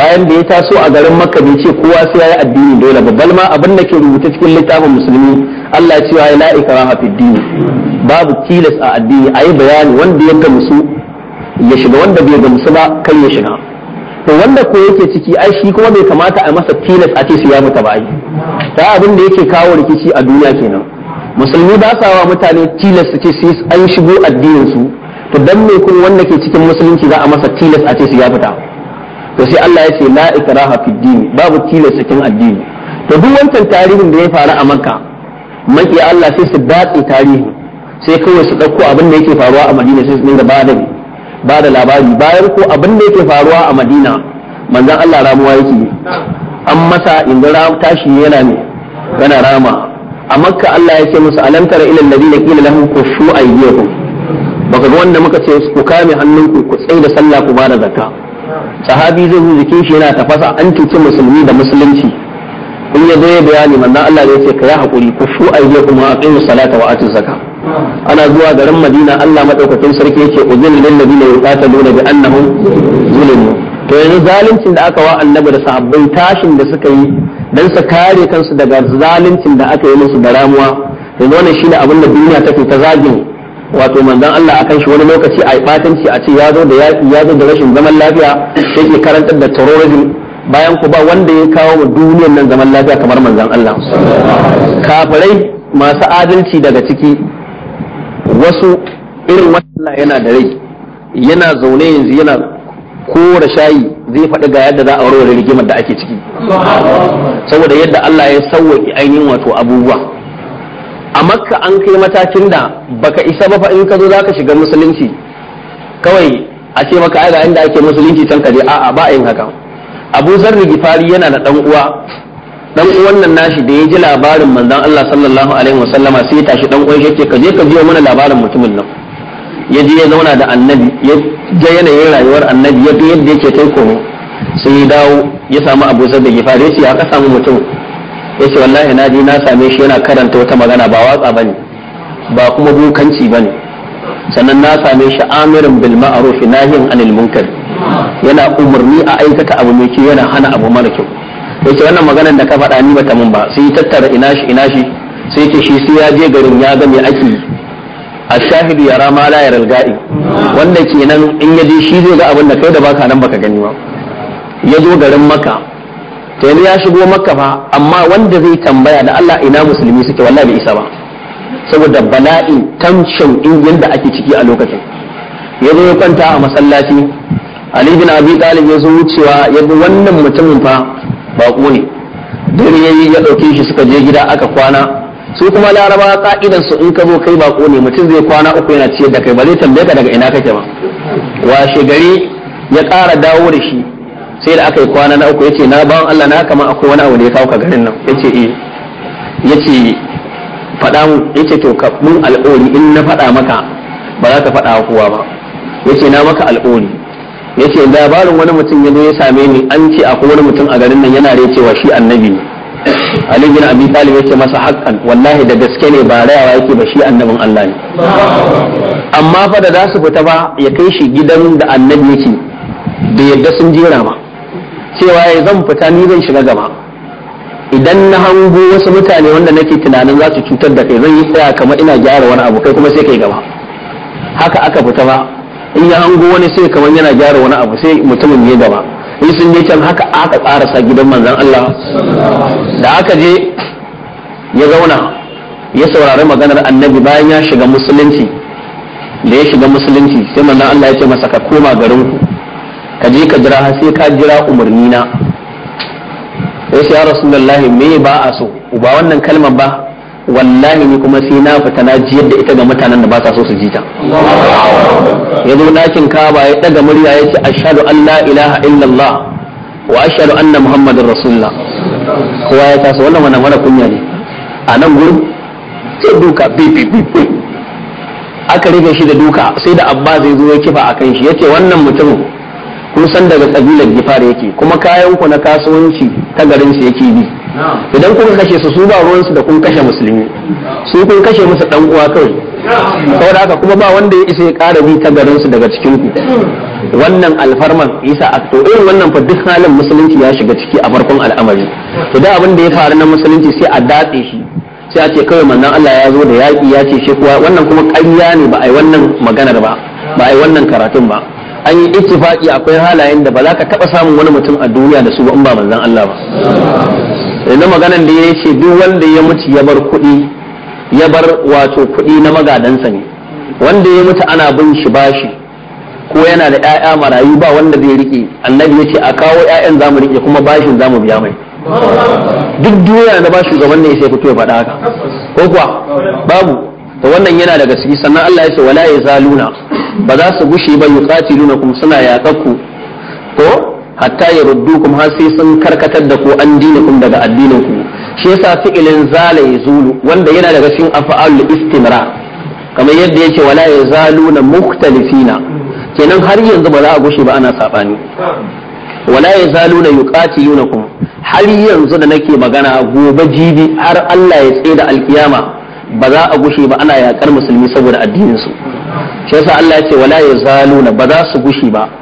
bayan da ya taso a garin makka bai ce kowa sai yayi addini dole ba balma abin da ke rubuta cikin littafin musulmi Allah ya ce wa la ikraha fid din babu tilas a addini ayi bayani wanda ya gamsu ya shiga wanda bai gamsu ba kai ya shiga to wanda ko yake ciki ai shi kuma bai kamata a masa tilas a ce su ya mutu ba ai ta abin da yake kawo rikici a duniya kenan musulmi ba sa wa mutane tilas su ce sai an shigo addinin su to dan me kun wanda ke cikin musulunci za a masa tilas a ce su ya fita to sai Allah ya ce la ikraha fi din babu tilas cikin addini to duk wancan tarihin da ya faru a Makka maki Allah sai su datse tarihi sai kawai su dauko abin da yake faruwa a Madina sai su dinga ba da ba da labari bayan ko abin da yake faruwa a madina manzan allah ramuwa yake an masa inda tashi yana ne yana rama a makka allah ya ce musu alam tara ilal ladina qila lahum kuffu aydiyakum baka ga wanda muka ce ku kame hannunku ku tsaye da sallah ku bada zakka sahabi zai zo jikin shi yana tafasa an cuci musulmi da musulunci in ya zo ya bayani manzan allah ya ce ka yi hakuri kufu aydiyakum wa aqimus salata wa atuz zakka ana zuwa garin madina allah maɗaukakin sarki yake uzun lil ladina yuqataluna bi annahum zulimu to yanzu zaluncin da aka wa annabi da sahabbai tashin da suka yi dan su kare kansu daga zaluncin da aka yi musu da ramuwa yanzu wannan shine abin da duniya take ta zagin wato manzon Allah akan shi wani lokaci a batanci a ce ya zo da ya zo da rashin zaman lafiya yake karantar da terrorism bayan ku ba wanda ya kawo wa duniyar nan zaman lafiya kamar manzan Allah kafirai masu adalci daga ciki wasu irin wannan yana da rai yana zaune yanzu yana kora shayi zai faɗi ga yadda za a warware rigimar da ake ciki saboda yadda Allah ya sauwaƙi ainihin wato abubuwa a makka an kai matakin da baka isa ba fa in ka zo za ka shiga musulunci kawai a ce maka ai ga inda ake musulunci can ka je a'a ba yin haka abu zarri gifari yana da ɗan uwa dan wannan nashi da ya ji labarin manzon Allah sallallahu alaihi wasallama sai ya tashi dan uwan shi ka je ka biyo mana labarin mutumin nan ya je ya zauna da annabi ya ga yanayin rayuwar annabi ya yadda yake kai ko sai ya dawo ya samu Abu Zar da Gifari ya ce ya ka samu mutum ya ce wallahi na je na same shi yana karanta wata magana ba watsa bane ba kuma bukanci bane sannan na same shi amirin bil ma'ruf nahyin anil munkar yana umarni a aikata abu mai kyau yana hana abu mara kyau ke wannan maganar da ka faɗa ni bata mun ba sai tattara ina shi ina shi sai ce shi sai ya je garin ya ga me ake ashahidu ya rama, la ya ralga'i wanda kenan in ya je shi zai ga abin da kai da baka nan baka gani ba ya zo garin makka to ya shigo maka fa amma wanda zai tambaya da Allah ina musulmi suke wallahi bai isa ba saboda bala'i tamshin in da ake ciki a lokacin ya zo ya kwanta a masallaci ali bin abi talib ya zo wucewa ya bi wannan mutumin fa baƙo ne dare yayi ya ɗauke shi suka je gida aka kwana su kuma laraba ka'idan su in ka zo kai bako ne mutum zai kwana uku yana ciyar da kai ba zai tambaye ka daga ina kake ba washe gari ya ƙara dawo da shi sai da aka yi kwana na uku yace na bawan Allah na kama akwai wani abu da ya kawo ka garin nan yace eh yace faɗa mu yace to ka mun in na faɗa maka ba za ka faɗa kowa ba yace na maka alƙawari yace labarin wani mutum ya ya same ni an ce akwai wani mutum a garin nan yana rai cewa shi annabi ne Ali bin Abi Talib yace masa haƙƙan wallahi da gaske ne ba rayawa yake ba shi annabin Allah ne amma fa da za su fita ba ya kai shi gidan da annabi yake da yadda sun jera ba cewa ya zan fita ni zan shiga gaba idan na hango wasu mutane wanda nake tunanin za su cutar da kai zan yi tsaya kamar ina gyara wani abu kai kuma sai kai gaba haka aka fita ba in ya hango wani sai kamar yana gyara wani abu sai mutumin ya gaba in sun je can haka aka karasa gidan manzan Allah da aka je ya zauna ya saurari maganar annabi bayan ya shiga musulunci da ya shiga musulunci sai manzan Allah ya ce masa ka koma garin ku ka je ka jira sai ka jira umarni na sai ya rasulullahi me ba a so ba wannan kalmar ba wallahi ni kuma sai na fita na jiyar da ita ga mutanen da ba sa so su ji ta ya zo ɗakin kaba ya ɗaga murya ya ce ashhadu an la ilaha illallah wa ashhadu anna muhammadar rasulullah kowa ya taso wannan wannan mara kunya ne a nan gurin sai duka bi bi aka rige shi da duka sai da abba zai zo ya kifa a kan shi yace wannan mutumin kun san daga kabilar gifar yake kuma kayan ku na kasuwanci ta garin su yake bi idan kuka kashe su su ba ruwansu da kun kashe musulmi su kun kashe musu dan uwa kawai saboda haka kuma ba wanda ya isa ya kara bi ta garin su daga cikin ku wannan alfarman isa a to irin wannan fa duk halin musulunci ya shiga ciki a farkon al'amari to da abin da ya faru na musulunci sai a datse shi sai a ce kawai manzon Allah ya zo da yaƙi ya ce shi kuwa wannan kuma ƙarya ne ba a yi wannan maganar ba ba a yi wannan karatun ba an yi ittifaqi akwai halayen da ba za ka taɓa samun wani mutum a duniya da su ba in ba manzon Allah ba yanzu maganan da ya ce duk wanda ya mutu ya bar kuɗi ya bar wato kuɗi na magadansa ne wanda ya mutu ana bin shi bashi ko yana da ƴaƴa marayu ba wanda zai riƙe annabi ya ce a kawo ƴaƴan za mu riƙe kuma bashin za mu biya mai duk duniya da ba shugaban ne sai fito ya faɗa haka ko kuwa babu to wannan yana daga ciki sannan Allah ya ce wala yazaluna ba za su gushe ba yuqatiluna kum suna yaƙakku ko hatta ya ruddu kuma har sai sun karkatar da ku an dina kun daga addinin ku shi yasa fi'ilin zala yazulu wanda yana daga cikin afa'alul istimra kamar yadda yake wala na mukhtalifina kenan har yanzu ba za a gushe ba ana sabani wala yazaluna yunakum har yanzu da nake magana gobe jibi har Allah ya tsaye da alkiyama ba za a gushe ba ana yakar musulmi saboda addinin su shi yasa Allah ya ce wala yazaluna ba za su gushe ba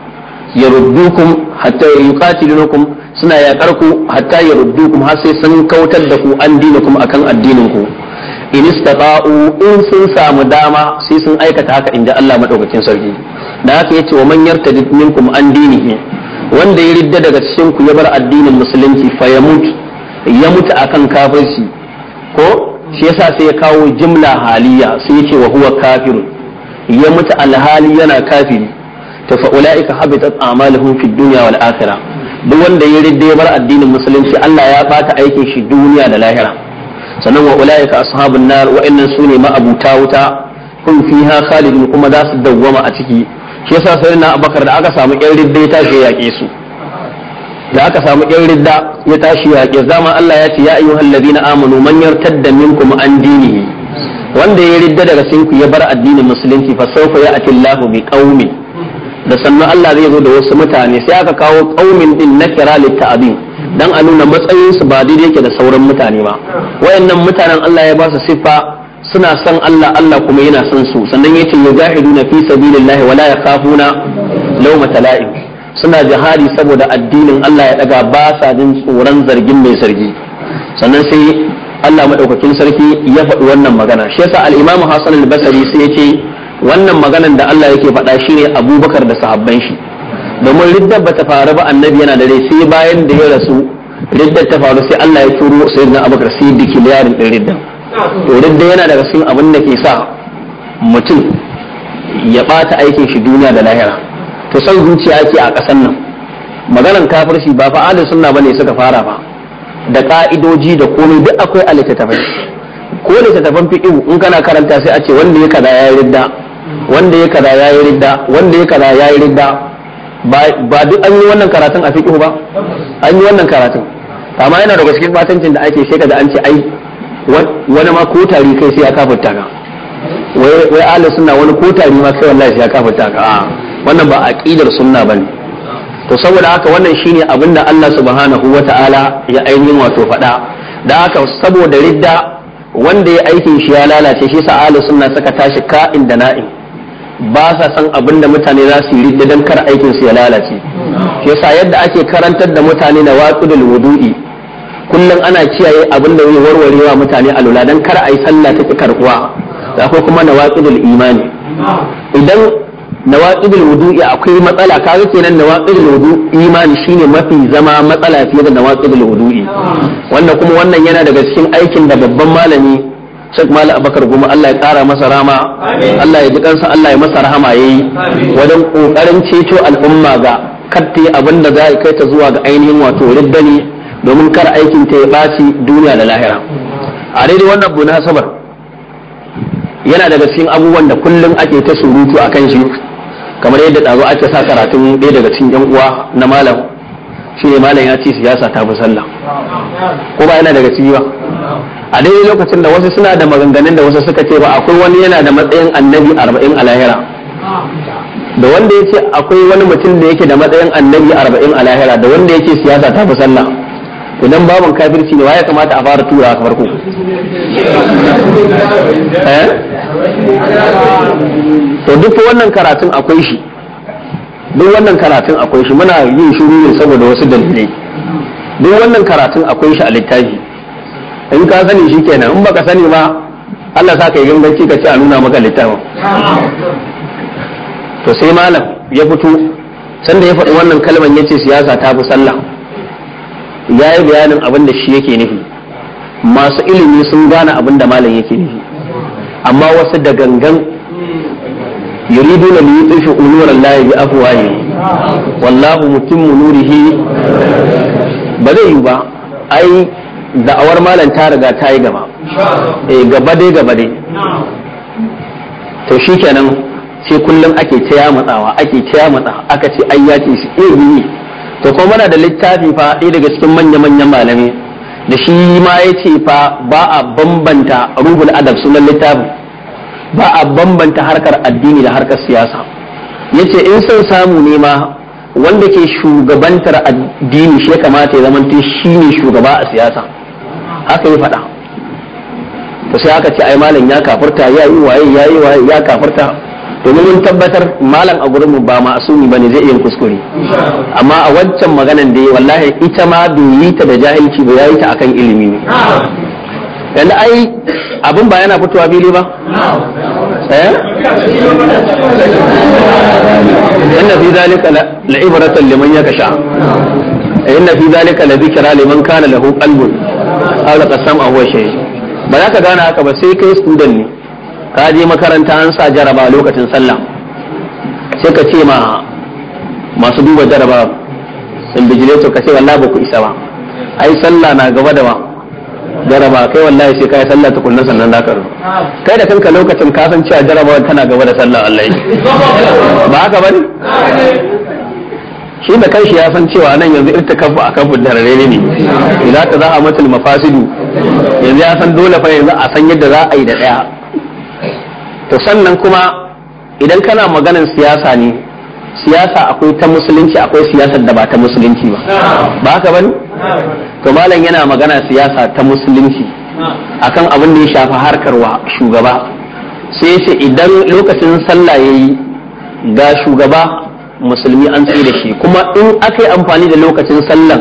rubdukum hatta yuqatilukum suna yakar ku hatta rubdukum har sai sun kautar da ku an dina kuma akan addinin ku in istata'u in sun samu dama sai sun aikata haka inda Allah madaukakin sarki da haka yace wa man yartadid minkum an dinihi wanda ya ridda daga cikin ku ya bar addinin musulunci fa ya mutu ya mutu akan kafirci ko shi yasa sai ya kawo jimla haliya sai yace wa huwa kafirun ya mutu alhali yana kafiri to fa ulaika habitat a'maluhum fid dunya wal akhirah duk wanda ya ridda ya bar addinin musulunci Allah ya bata aikin shi duniya da lahira sannan wa ulaika ashabun nar wa innan sune ma abuta wuta kun fiha khalidun kuma za su dawwama a ciki shi yasa sayyidina Abubakar da aka samu yan ridda ya tashi yaƙe su da aka samu yan ridda ya tashi yaƙe zama Allah ya ce ya ayyuhal ladina amanu man yartadda minkum an dinihi wanda ya ridda daga sinku ya bar addinin musulunci fa sawfa ya'ti Allahu bi qaumin da sannan Allah zai zo da wasu mutane sai aka kawo ƙaumin din na kira litta'abin dan a nuna matsayinsu ba daidai yake da sauran mutane ba wayannan mutanen Allah ya ba su siffa suna son Allah Allah kuma yana son su sannan ya yace yujahiduna fi sabilillahi wala ya yakhafuna lawma la'im suna jihadi saboda addinin Allah ya daga ba sa jin tsoron zargin mai zargi sannan sai Allah madaukakin sarki ya faɗi wannan magana shi yasa al-Imam Hasan al-Basri sai yace wannan maganan da Allah yake faɗa shi ne abubakar da sahabban shi domin riddar ba ta faru ba annabi yana da rai sai bayan da ya rasu riddar ta faru sai Allah ya turo sayyidina abubakar sai diki yarin ɗin riddar to riddar yana daga cikin abin da ke sa mutum ya ɓata aikin shi duniya da lahira to san zuciya ke a ƙasan nan maganan kafirci ba fa suna sunna ne suka fara ba da ka'idoji da komai duk akwai a littattafai ko littattafan fiqh in kana karanta sai a ce wanda ya kaza ya yi ridda wanda ya kaza yi ridda wanda ya kaza yi ridda ba duk an yi wannan karatun a fiqh ba an yi wannan karatun amma yana daga cikin batancin da ake shekara da an ce ai wani ma ko tari kai sai ya kafirta ka wai ala suna wani ko tari ma kai wallahi sai ya kafirta ka wannan ba aqidar sunna bane to saboda haka wannan shine abin da Allah subhanahu wata'ala ya ainihin wato faɗa da haka saboda ridda wanda ya aikin shi ya lalace shi sa suna sunna suka tashi ka'in da na'in ba sa san abin da mutane za su yi don kar aikin su ya lalace sa yadda ake karantar da mutane na waqidul wudu'i kullum ana kiyaye abin da zai warwarewa mutane a lula don kar a yi sallah ta karkuwa ko kuma waqidul imani idan waqidul wudu'i akwai matsala ka kaga kenan waqidul wudu'i imani shine mafi zama matsala fiye da waqidul wudu'i Wannan kuma wannan yana daga cikin aikin da babban malami Sheikh Mali Abakar Goma Allah ya ƙara masa rama Allah ya ji kansa Allah ya masa rahama yi. wajen kokarin ceto al'umma ga katte abin da za a kai ta zuwa ga ainihin wato riddani domin kar aikin ta ya ɓaci duniya da lahira a daidai wannan bu munasabar yana daga cikin abubuwan da kullum ake ta surutu a kan shi kamar yadda ɗazu ake sa karatun ɗaya daga cikin yan uwa na malam shi ne malam ya ce siyasa ta fi sallah ko ba yana daga ciki a daidai lokacin da wasu suna da maganganun da wasu suka ce ba akwai wani yana da matsayin annabi arba'in a lahira da wanda ya ce akwai wani mutum da yake da matsayin annabi arba'in a lahira da wanda ya ce siyasa ta fi sallah idan babin kafirci ne ya kamata a fara tura a farko eh? to duk wannan karatun akwai shi duk wannan karatun akwai shi muna yin shiru ne saboda wasu dalilai duk wannan karatun akwai shi a littafi in ka sani shi kenan in baka sani ba Allah sa ka yi ganganci ka ce a nuna maka littafin to sai malam ya fito sanda ya faɗi wannan kalman ya ce siyasa ta fi sallah ya yi bayanin abin da shi yake nufi masu ilimi sun gane abin da malam yake nufi amma wasu da gangan يريدون ليطفئوا نور الله بأفواههم والله متم نوره بذي ba ai da'awar malam ta riga ta yi gaba eh gaba dai gaba dai to shikenan sai kullum ake ta matsawa, ake ta matsa aka ce ai ya ce shi eh to kuma muna da littafi fa ɗaya daga cikin manya manyan malami da shi ma ya ce fa ba a bambanta rubul adab sunan littafin ba a bambanta harkar addini da harkar siyasa ya ce in son samu ne ma wanda ke shugabantar addini shi ya kamata ya zamanta shi ne shugaba a siyasa haka yi faɗa to sai aka ce ai malam ya kafirta ya yi waye ya yi waye ya kafirta domin mun tabbatar malam a gurinmu ba ma'asumi bane zai iya kuskure amma a wancan maganan da wallahi ita ma bai yi ta da jahilci ba yayi ta akan ilimi ne yanzu ai abin ba yana fitowa bili ba eh inna fi zalika la'ibratan liman yakasha inna fi zalika la dhikra liman kana lahu qalbun khalaqa sam'a wa shay ba za ka gane haka ba sai kai student ne ka je makaranta an sa jaraba lokacin sallah sai ka ce ma masu duba jaraba sun bijire to ka ce wallahi ba ku isa ba ai sallah na gaba da ba jaraba kai wallahi sai kai sallah ta tukunna sannan na ka kai da kanka lokacin ka san cewa jaraba tana gaba da sallah wallahi ba haka bane shi da kanshi ya san cewa nan yanzu irta kafu a da darare ne idan ta za a matul mafasidu yanzu ya san dole fa yanzu a san yadda za a yi da daya to sannan kuma idan kana maganan siyasa ne siyasa akwai ta musulunci akwai siyasar da ba ta musulunci ba ba haka bane to malam yana magana siyasa ta musulunci akan abin da ya shafa harkar wa shugaba sai ya ce idan lokacin sallah yayi ga shugaba musulmi an tsaye da shi kuma in aka yi amfani da lokacin sallar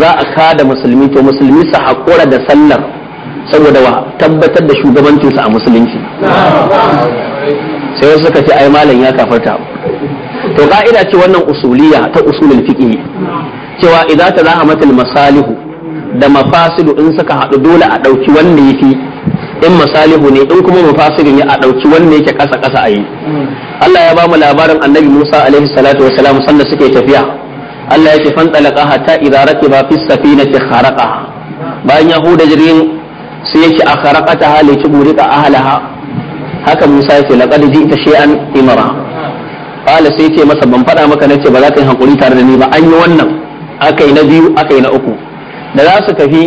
za a kada musulmi to musulmi su haƙura da sallar saboda wa tabbatar da shugabancinsa a musulunci sai suka ce ai malam ya kafarta to ka'ida ce wannan usuliya ta usulul fiqh cewa idza talahamat al masalihu da mafasidu in suka haɗu dole a ɗauki wanda yafi in masalihu ne in kuma mufasirin ne a ɗauki wanda yake ƙasa ƙasa a yi Allah ya ba mu labarin annabi Musa alaihi salatu wa salam sanda suke tafiya Allah ya ce fan talaqa hatta idza raqiba fi safinati kharaqa bayan ya huda jirgin sai yake a kharaqata hali tuburika ahlaha haka Musa ya ce laqad ji'ta shay'an imara Allah sai ce masa ban faɗa maka nace ba za ka yi hakuri tare da ni ba an yi wannan akai na biyu akai na uku da za su tafi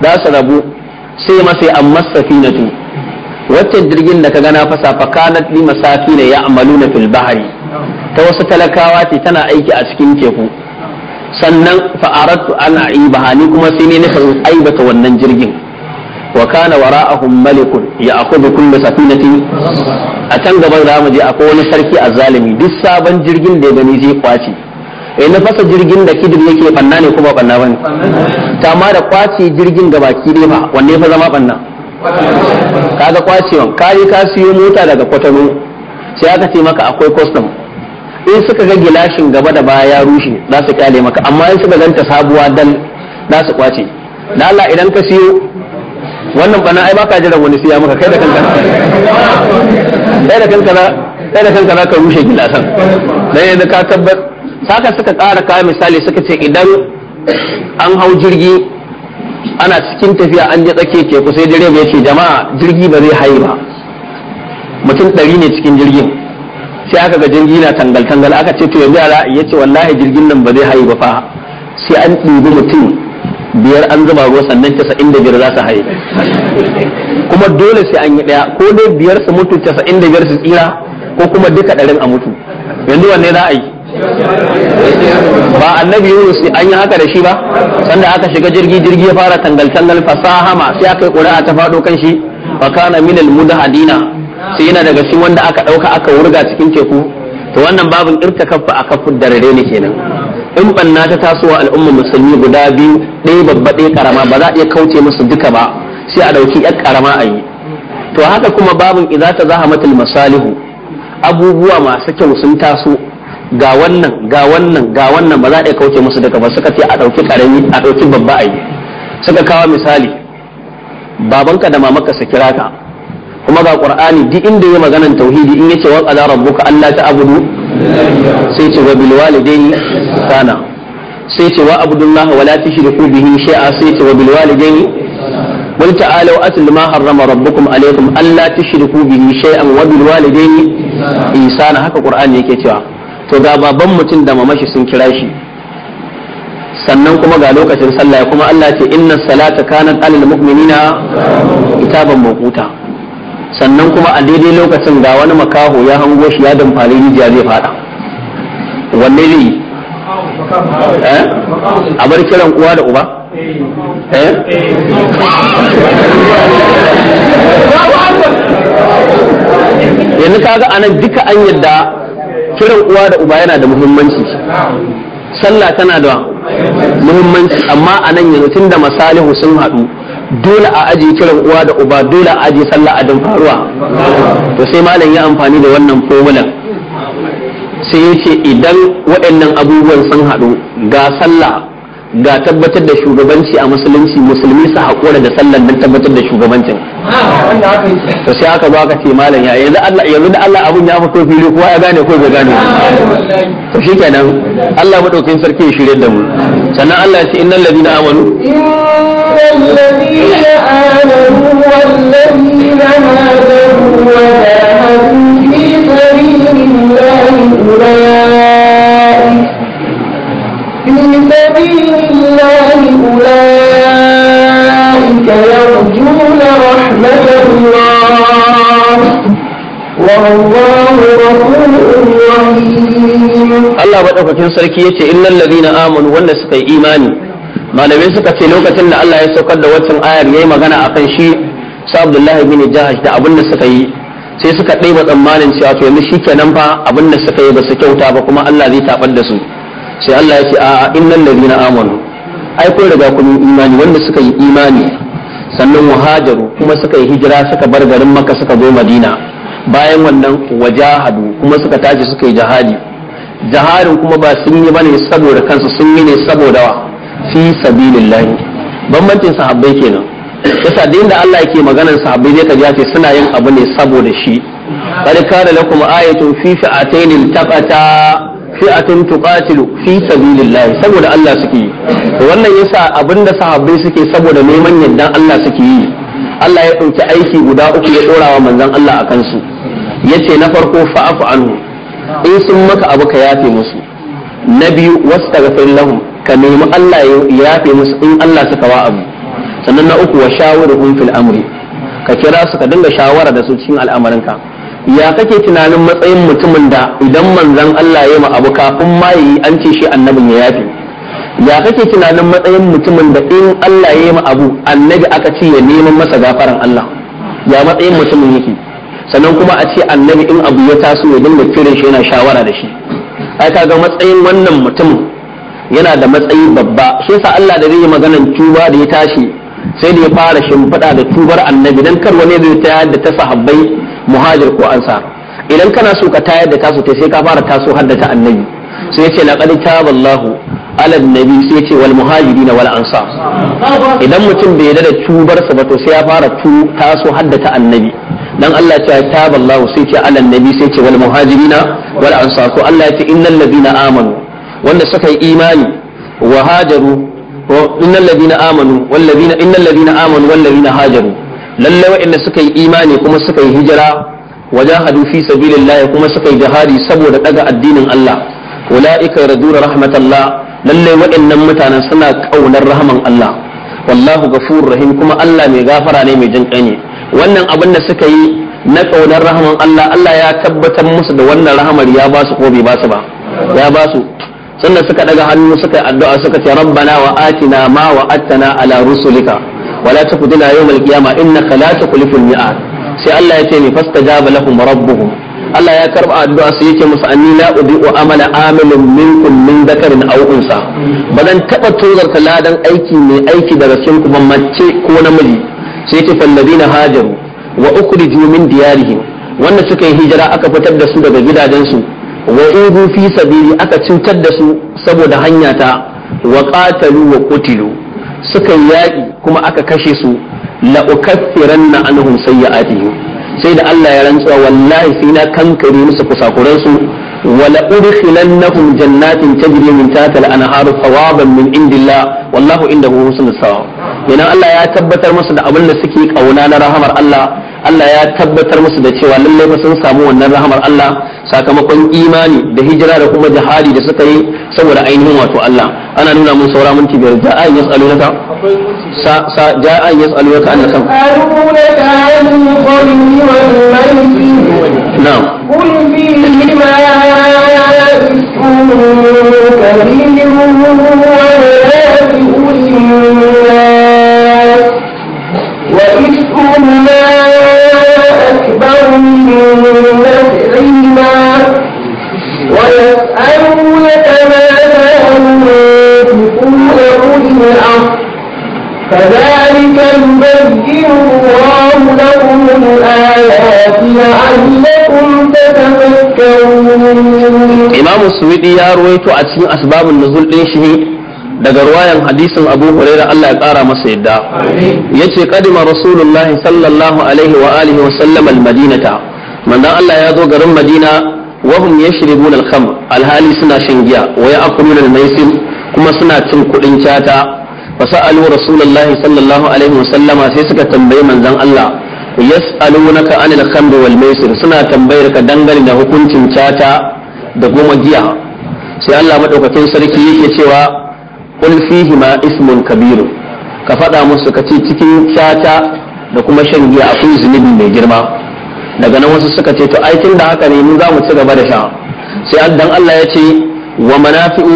za su rabu sai masa amma safinatu wacce jirgin da ka gana fasa fa kanat ya amalu na fil filbahari, ta wasu talakawa ce tana aiki a cikin teku sannan fa'aratu an aibaha ni kuma sai ne na aibata wannan jirgin wa kana wara'ahum malikun ya akhudhu kullu safinatin a can gaban zamu je akwai wani sarki a zalimi duk sabon jirgin da ya gani zai kwace eh na fasa jirgin da kidir yake banna ne kuma banna bane ta ma da kwace jirgin da baki ne ba wanne fa zama banna kaga kwacewan kaje ka siyo mota daga kwatano sai aka ce maka akwai custom in suka ga gilashin gaba da baya ya rushe za su kyale maka amma in suka ganta sabuwa dal za su kwace Lala Allah idan ka siyo wannan bana ai baka jiran wani siya maka kai da kanka kai da kanka kai da kanka za ka rushe gilasan dan yanzu ka tabbata haka suka ƙara kawo misali suka ce idan an hau jirgi ana cikin tafiya an ji tsake teku sai direba ya ce jama'a jirgi ba zai haye ba mutum ɗari ne cikin jirgin sai aka ga jirgi na tangal-tangal aka ce to yanzu ala ya ce wallahi jirgin nan ba zai haye ba fa sai an ɗibi mutum biyar an zuba ruwa sannan casa'in da biyar za su haye kuma dole sai an yi ɗaya ko dai biyar su mutu casa'in da biyar su tsira ko kuma duka ɗarin a mutu yanzu wanne za a yi ba annabi yunus an yi haka da shi ba sanda aka shiga jirgi jirgi ya fara tangal tangal fasahama sai aka yi ƙuri'a ta faɗo kan shi fa kana min al mudahadina sai yana daga cikin wanda aka ɗauka aka wurga cikin teku to wannan babin kaffa a kafin darare ne kenan in banna ta tasowa al'umma musulmi guda biyu ɗaya babba ɗaya karama ba za a iya kauce musu duka ba sai a ɗauki yar karama a yi to haka kuma babin idza ta zahamatul masalihu abubuwa masu kyau sun taso ga wannan ga wannan ga wannan ba za a kauce musu daga ba suka ce a ɗauki ƙarami a ɗauki babba a yi suka kawo misali babanka da mamanka su kira ka kuma ga qur'ani duk inda ya maganan tauhidi in yace wa qala rabbuka alla ta'budu sai ce wa bil walidayni sana sai ce wa abdullahi wala tushriku bihi shay'a sai ce wa bil walidaini قل تعالوا أتل ما حرم ربكم عليكم ألا تشركوا به شيئا وبالوالدين إنسانا هكا القرآن يكي to ga baban mutum da mamashi sun kira shi sannan kuma ga lokacin sallah kuma Allah ce inna salata kanat alal mu'minina kitaban mawquta sannan kuma a daidai lokacin ga wani makaho ya hango shi ya damfare rijiya zai fada wanne ne eh? a bar kiran uwa da uba eh? yanzu kaga anan duka an yadda kiran uwa da uba yana da muhimmanci sallah tana da muhimmanci amma a nan yanzu da masalihu sun haɗu dole a ajiye kiran uwa da uba dole a ajiye sallah a don faruwa to sai malam ya amfani da wannan formula sai ya idan waɗannan abubuwan sun haɗu ga sallah ga tabbatar da shugabanci a musulunci musulmi su haƙura da sallan don tabbatar da shugabancin to sai aka zo aka ce malam ya yanzu Allah yanzu da Allah abun ya fito fili kowa ya gane ko bai gane to shikenan Allah madaukakin sarki ya shirye da mu sannan Allah ya ce innal ladina amanu innal ladina amanu wal ladina hadu wa fi sabilillahi Allah maɗaukakin sarki ya ce innal ladina amanu wanda suka yi imani malamai suka ce lokacin da Allah ya saukar da waccan ayar yayi magana akan shi sa Abdullahi bin Jahash da abin da suka yi sai suka ɗeba tsammanin cewa to yanzu shikenan fa abin da suka yi ba su kyauta ba kuma Allah zai tabar da su sai Allah ya ce a innal ladina amanu ai kun riga kun imani wanda suka yi imani sannan wahajaru kuma suka yi hijira suka bar garin Makka suka zo Madina bayan wannan wajahadu kuma suka tashi suka yi jihadi jihadin kuma ba sun yi bane saboda kansu sun yi ne saboda wa fi sabilillahi bambancin sahabbai kenan yasa da inda Allah yake maganar sahabbai zai kaji ake suna yin abu ne saboda shi qad kana lakum ayatun fi fi'atayn a fi'atun tuqatilu fi sabilillahi saboda Allah suke yi wannan yasa abinda sahabbai suke saboda neman yadda Allah suke yi Allah ya ɗauki aiki guda uku ya ɗora wa manzan Allah a kansu Ya ce na farko fa'afu anhu in sun maka abu ka yafe musu na biyu wasu daga lahum ka nemi Allah ya yafe musu in Allah suka wa abu sannan na uku wa shawiruhum fil amri ka kira su ka dinga shawara da su cikin al'amarinka ya kake tunanin matsayin mutumin da idan Manzan Allah ya ma abu kafin ma yi an ce shi annabin ya yafe ya kake tunanin matsayin mutumin da in Allah ya yi ma abu annabi aka ce ya neman masa gafaran Allah ya matsayin mutumin yake sannan kuma a ce annabi in abu ya taso ya dinga kiran shi yana shawara da shi ai kaga matsayin wannan mutum yana da matsayi babba shi yasa Allah da zai yi maganan tuba da ya tashi sai da ya fara shimfiɗa da tubar annabi dan kar wani zai ta yadda ta sahabbai muhajir ko ansar idan kana so ka tayar da tasu sai ka fara taso haddata ta annabi sai ya ce laqad taballahu alal nabi sai ce wal muhajirina wal ansar idan mutum bai yarda da tubarsa ba to sai ya fara tu taso haddata annabi dan Allah ya ce taballahu sai ce alal nabi sai ce wal muhajirina wal ansar Ko Allah ya ce innal ladina amanu wanda suka yi imani wa hajaru Ko innal ladina amanu wal ladina innal ladina amanu wal ladina hajaru Lallai wa'anda suka yi imani kuma suka yi hijira wajahadu fi sabilillah kuma suka yi jihadi saboda daga addinin Allah ulaika yarduna rahmatallah Lallai waɗannan mutanen suna ƙaunar rahaman Allah wallahu gafurur rahim kuma Allah mai gafara ne mai jin ne wannan abin da suka yi na ƙaunar rahaman Allah Allah ya tabbatar musu da wannan rahamar ya ba su ko bai ba su ba ya ba su sannan suka daga hannu suka addu'a suka ce rabbana wa atina ma wa attana ala rusulika wala tukudina yawmal qiyamah innaka la tukhliful mi'ad sai Allah ya ce ni fastajaba lahum rabbuhum Allah ya karba addu'a sai yake musu anni la amala amilin minkum min dhakarin aw unsa ba taba tozarta ladan aiki mai aiki daga cikin ku mace ko namiji sai yake falladina hajaru wa ukhriju min diyarihim wanda suka yi hijira aka fitar da su daga gidajensu wa udu fi sabili aka cutar da su saboda hanya ta, wa qatalu wa qutilu suka yaƙi kuma aka kashe su la ukaffiranna anhum sayyi'atihim sai da Allah ya rantsuwa wallahi sai na kankare musu kusakuransu wala udkhilannahum jannatin tajri min tahtiha al-anharu thawaban min indillah wallahu indahu husnul thawab yana Allah ya tabbatar musu da abin da suke kauna na rahamar Allah Allah ya tabbatar musu da cewa lallai ba sun samu wannan rahamar Allah sakamakon imani da hijira da kuma jihadi da suka yi saboda ainihin wato Allah ana nuna mun saura mun tibiyar ja'a yas'alunaka sa sa ja'a yas'alunaka annaka نعم قل فيهما كثير ومنافع للناس وإثمهما أكبر من نفعهما ويسألونك ماذا ينفقون قل الأرض كذلك يبين الله لهم الآيات لعلهم Imamu تتفكرون ya ruwaito a cikin أتسين nuzul ɗin shi daga ruwayan hadisin abu huraira Allah ya kara masa yadda yace kadima rasulullahi sallallahu alaihi wa alihi wa sallam almadinata manzon Allah ya zo garin Madina wa ya yashribuna al alhali suna shan giya wa ya'kuluna al-maisir kuma suna cin kudin cata fasalu rasulullahi sallallahu alaihi wa sallama sai suka tambayi manzon Allah yas'alunaka anil khamr wal maisir suna tambayar ka dangane da hukuncin cata da goma giya sai Allah madaukakin sarki yake cewa qul fihi ma ismun kabir ka faɗa musu ka ce cikin cata da kuma shan giya akwai zunubi mai girma daga nan wasu suka ce to ai tun da haka ne mun za mu ci gaba da sha sai dan Allah ya ce wa manafi'u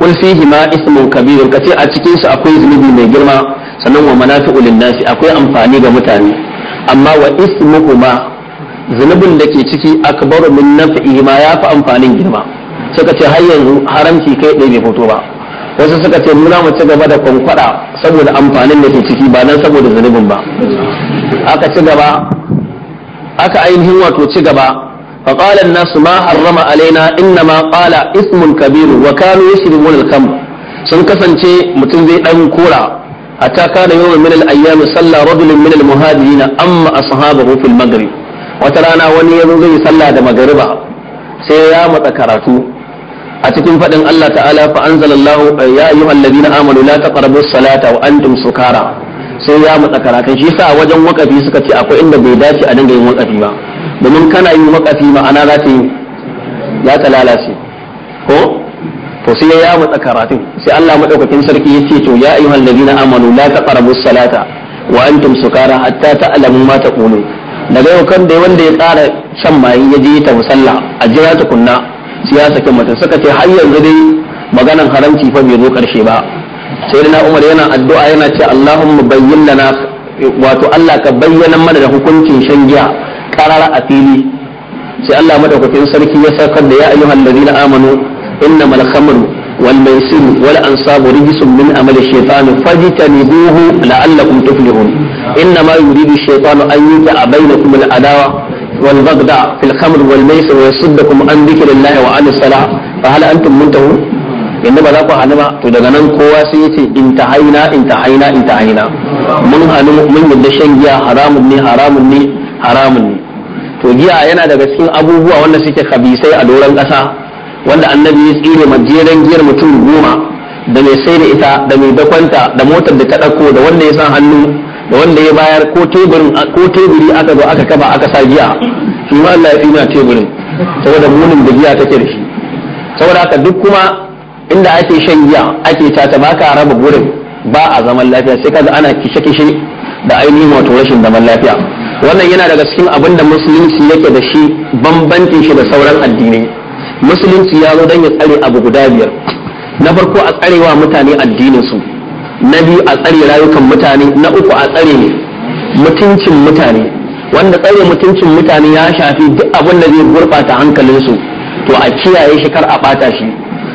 kul fihi ma ismun ka kace a cikin su akwai zunubi mai girma sannan wa manafi'u lin-nasi akwai amfani ga mutane amma wa ismuhuma zunubin da ke ciki akbaru min naf'i ma ya fi amfanin girma suka ce har yanzu haramci kai ɗaya bai fito ba wasu suka ce muna mu ci gaba da kwankwada saboda amfanin da ke ciki ba nan saboda zunubin ba aka ci gaba aka ainihin wato ci gaba harrama alaina, inna ma qala Ismun kabir wa kanu وكانوا al sun kasance mutum zai dan kora A kana yawon min al-ayyam salla rajulun min al na amma ashabahu fil maghrib wata rana wani yazo zai salla da magariba sai ya matsa karatu a cikin faɗin Allah ta'ala fa anzalallahu ya ayyuhal ladina amanu la taqrabu salata wa antum sukara sai ya matsa karatun shi yasa wajen wakafi suka ce akwai inda bai dace a dinga yin wakafi ba domin kana yin wakafi ma'ana za ta yi ya ta lalace ko to sai ya matsa karatun sai Allah madaukakin sarki ya ce to ya ayyuhal ladina amanu la taqrabu salata wa antum sukara hatta ta'lamu ma taqulun daga yau kan dai wanda ya tsara shan maye ya je ta musalla a jira ta kunna siyasa kin mutum suka ce har yanzu dai maganan haramci fa bai zo karshe ba sai na Umar yana addu'a yana ce Allahumma bayyin lana wato Allah ka bayyana mana da hukuncin shan giya karara a fili sai Allah madaukakin sarki ya sakar da ya ayyuhal ladina amanu إنما الخمر والميسر والأنصاب رجس من عمل الشيطان فاجتنبوه لعلكم تفلحون إنما يريد الشيطان أن يوقع بينكم العداوة والبغضاء في الخمر والميسر ويصدكم عن ذكر الله وعن الصلاة فهل أنتم منتهون inda ba za ku hannu ba to daga nan kowa sai ya ce intahaina intahaina intahaina mun hannu mun yadda shan giya haramun ne haramun ne haramun ne to giya yana daga cikin abubuwa wanda suke kabisai a doron ƙasa wanda annabi ya tsire majeren giyar mutum goma da mai sai da ita da mai dakwanta da motar da ta ɗauko da wanda ya san hannu da wanda ya bayar ko teburi aka zo aka kaba aka sa giya shi ma Allah ya fi teburin saboda munin da giya take da shi saboda haka duk kuma inda ake shan giya ake tata ba ka raba gurin ba a zaman lafiya sai kaga ana kishe-kishe da ainihin wato rashin zaman lafiya wannan yana daga cikin abin da musulunci yake da shi bambancin shi da sauran addinai musulunci ya zo don ya tsare abu guda biyar na farko a tsarewa mutane addininsu su na biyu a tsare rayukan mutane na uku a tsare mutuncin mutane wanda tsare mutuncin mutane ya shafi duk abin da zai gurɓata hankalinsu to a kiyaye shi kar a ɓata shi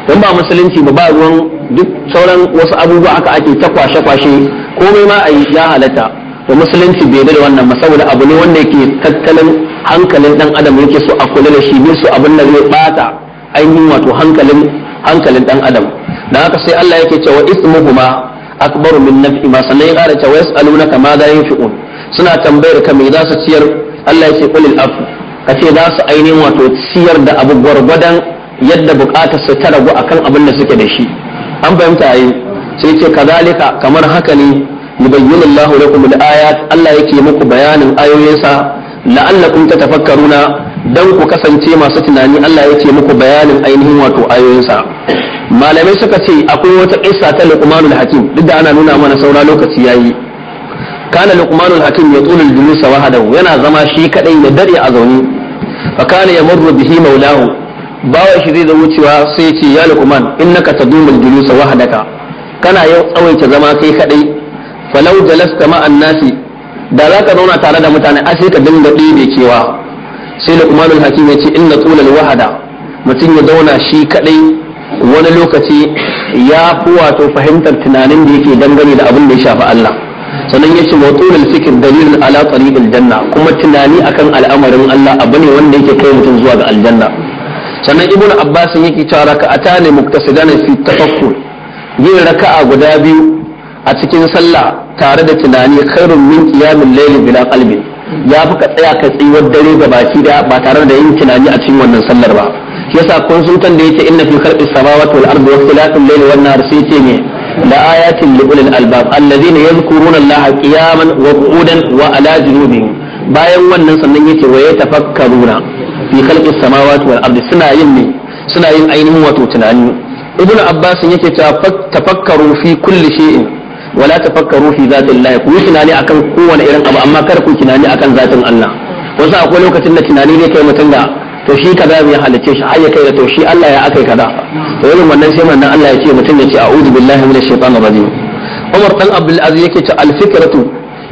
don ba musulunci ba ba ruwan duk sauran wasu abubuwa aka ake ta kwashe-kwashe komai ma a yi ya halatta to musulunci bai da wannan saboda abu ne wanda yake tattalin hankalin dan adam yake so a kula da shi bai so abin da zai bata ainihin wato hankalin hankalin dan adam dan haka sai Allah yake cewa ismuhuma akbaru min naf'i ma sannan ya kara cewa yas'alunaka ma yin yunfiqun suna tambayar ka me za su ciyar Allah yake kulil afu kace za su ainihin wato ciyar da abu gwargwadon yadda bukatar su ta ragu akan abin da suke da shi an fahimta yi sai ce kazalika kamar haka ne yubayyinu Allahu lakum al-ayat Allah yake muku bayanin ayoyinsa ta tatafakkaruna dan ku kasance masu tunani Allah ya ke muku bayanin ainihin wato ayoyinsa malamai suka ce akwai wata kissa ta Luqmanul Hakim duk da ana nuna mana saura lokaci yayi kana Luqmanul Hakim ya tsulul julusa wahadahu yana zama shi kaɗai ya dare a zaune fa kana yamurru bihi maulahu bawa shi zai zo wucewa sai ya ce ya Luqman innaka tadumul julusa wahadaka kana yau tsawaita zama kai kaɗai. falau jalasta ma'an nasi da za ka zauna tare da mutane a ka dinga ɗebe kewa sai luqmanul hakim ya ce inna tulal wahada mutum ya zauna shi kadai wani lokaci ya fi wato fahimtar tunanin da yake dangane da abin da ya shafi Allah sannan ya ce wa tulal fikr dalilin ala tariqil janna kuma tunani akan al'amarin Allah abu ne wanda yake kai mutum zuwa ga aljanna sannan ibnu abbas yake cewa raka'ata ne muqtasidana fi tafakkur yin raka'a guda biyu a cikin sallah tare da tunani khairun min qiyamil layli bila qalbi ya fi ka tsaya ka tsiwar dare ga baki da ba tare da yin tunani a cikin wannan sallar ba yasa kun sultan da yake inna fi khalqi samawati wal ardi waqtilafil layli wan nahar sai ce me la ayatin li ulil albab alladhina yadhkuruna allaha qiyaman wa qu'udan wa ala junubihim bayan wannan sannan yace wa yatafakkaruna fi khalqi samawati wal ardi suna yin ne suna yin ainihin wato tunani ibnu abbas yake ta tafakkaru fi kulli shay'in wala tafakkaru fi zatillahi ku yi tunani akan kowane irin abu amma kar ku tunani akan zatin Allah wasu akwai lokacin da tunani ne kai mutum da to shi kaza ya halicce shi har ya kai da to shi Allah ya akai kaza to irin wannan sai manzon Allah ya ce mutum ya ce a'udhu billahi minash shaitanir rajim Umar dan Abdul Aziz yake ce al-fikratu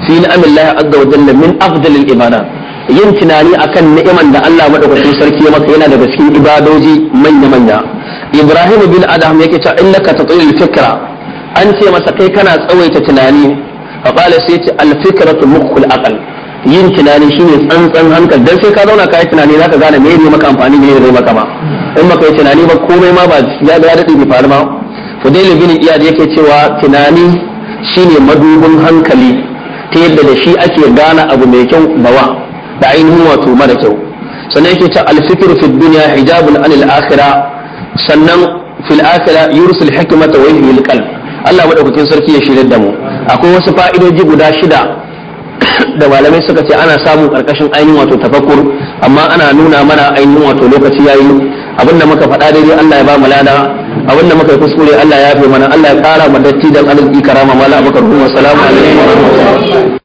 fi ni'amillahi azza wa jalla min afdalil yin tunani akan ni'iman da Allah madaukakin sarki ya maka yana daga cikin ibadoji manya manya Ibrahim bin Adam yake ce innaka tatil fikra an ce masa kai kana tsawaita tunani fa qala sai ce alfikar fikratu mukhul yin tunani shine tsantsan hankali dan sai ka zauna ka yi tunani zaka gane me ne maka amfani me ne maka ba in maka yi tunani ba komai ma ba ya ga dadi bai faru ba fudail bin iyad yake cewa tunani shine madubin hankali ta yadda da shi ake gane abu mai kyau bawa da ainihin wato mara kyau sannan yake ta alfikir fi dunya hijabun anil akhirah sannan fil akhirah yursil hikmata wa qalb Allah madaukakin sarki ya shirya da mu akwai wasu fa'idoji guda shida da malamai suka ce ana samun karkashin ainihin wato tafakkur amma ana nuna mana ainihin wato lokaci yayi abinda muka faɗa daidai Allah ya ba mu lada abinda muka yi kuskure Allah ya yafe mana Allah ya ƙara mu datti dan arziki karama mala abakar kuma salamu alaikum wa rahmatullahi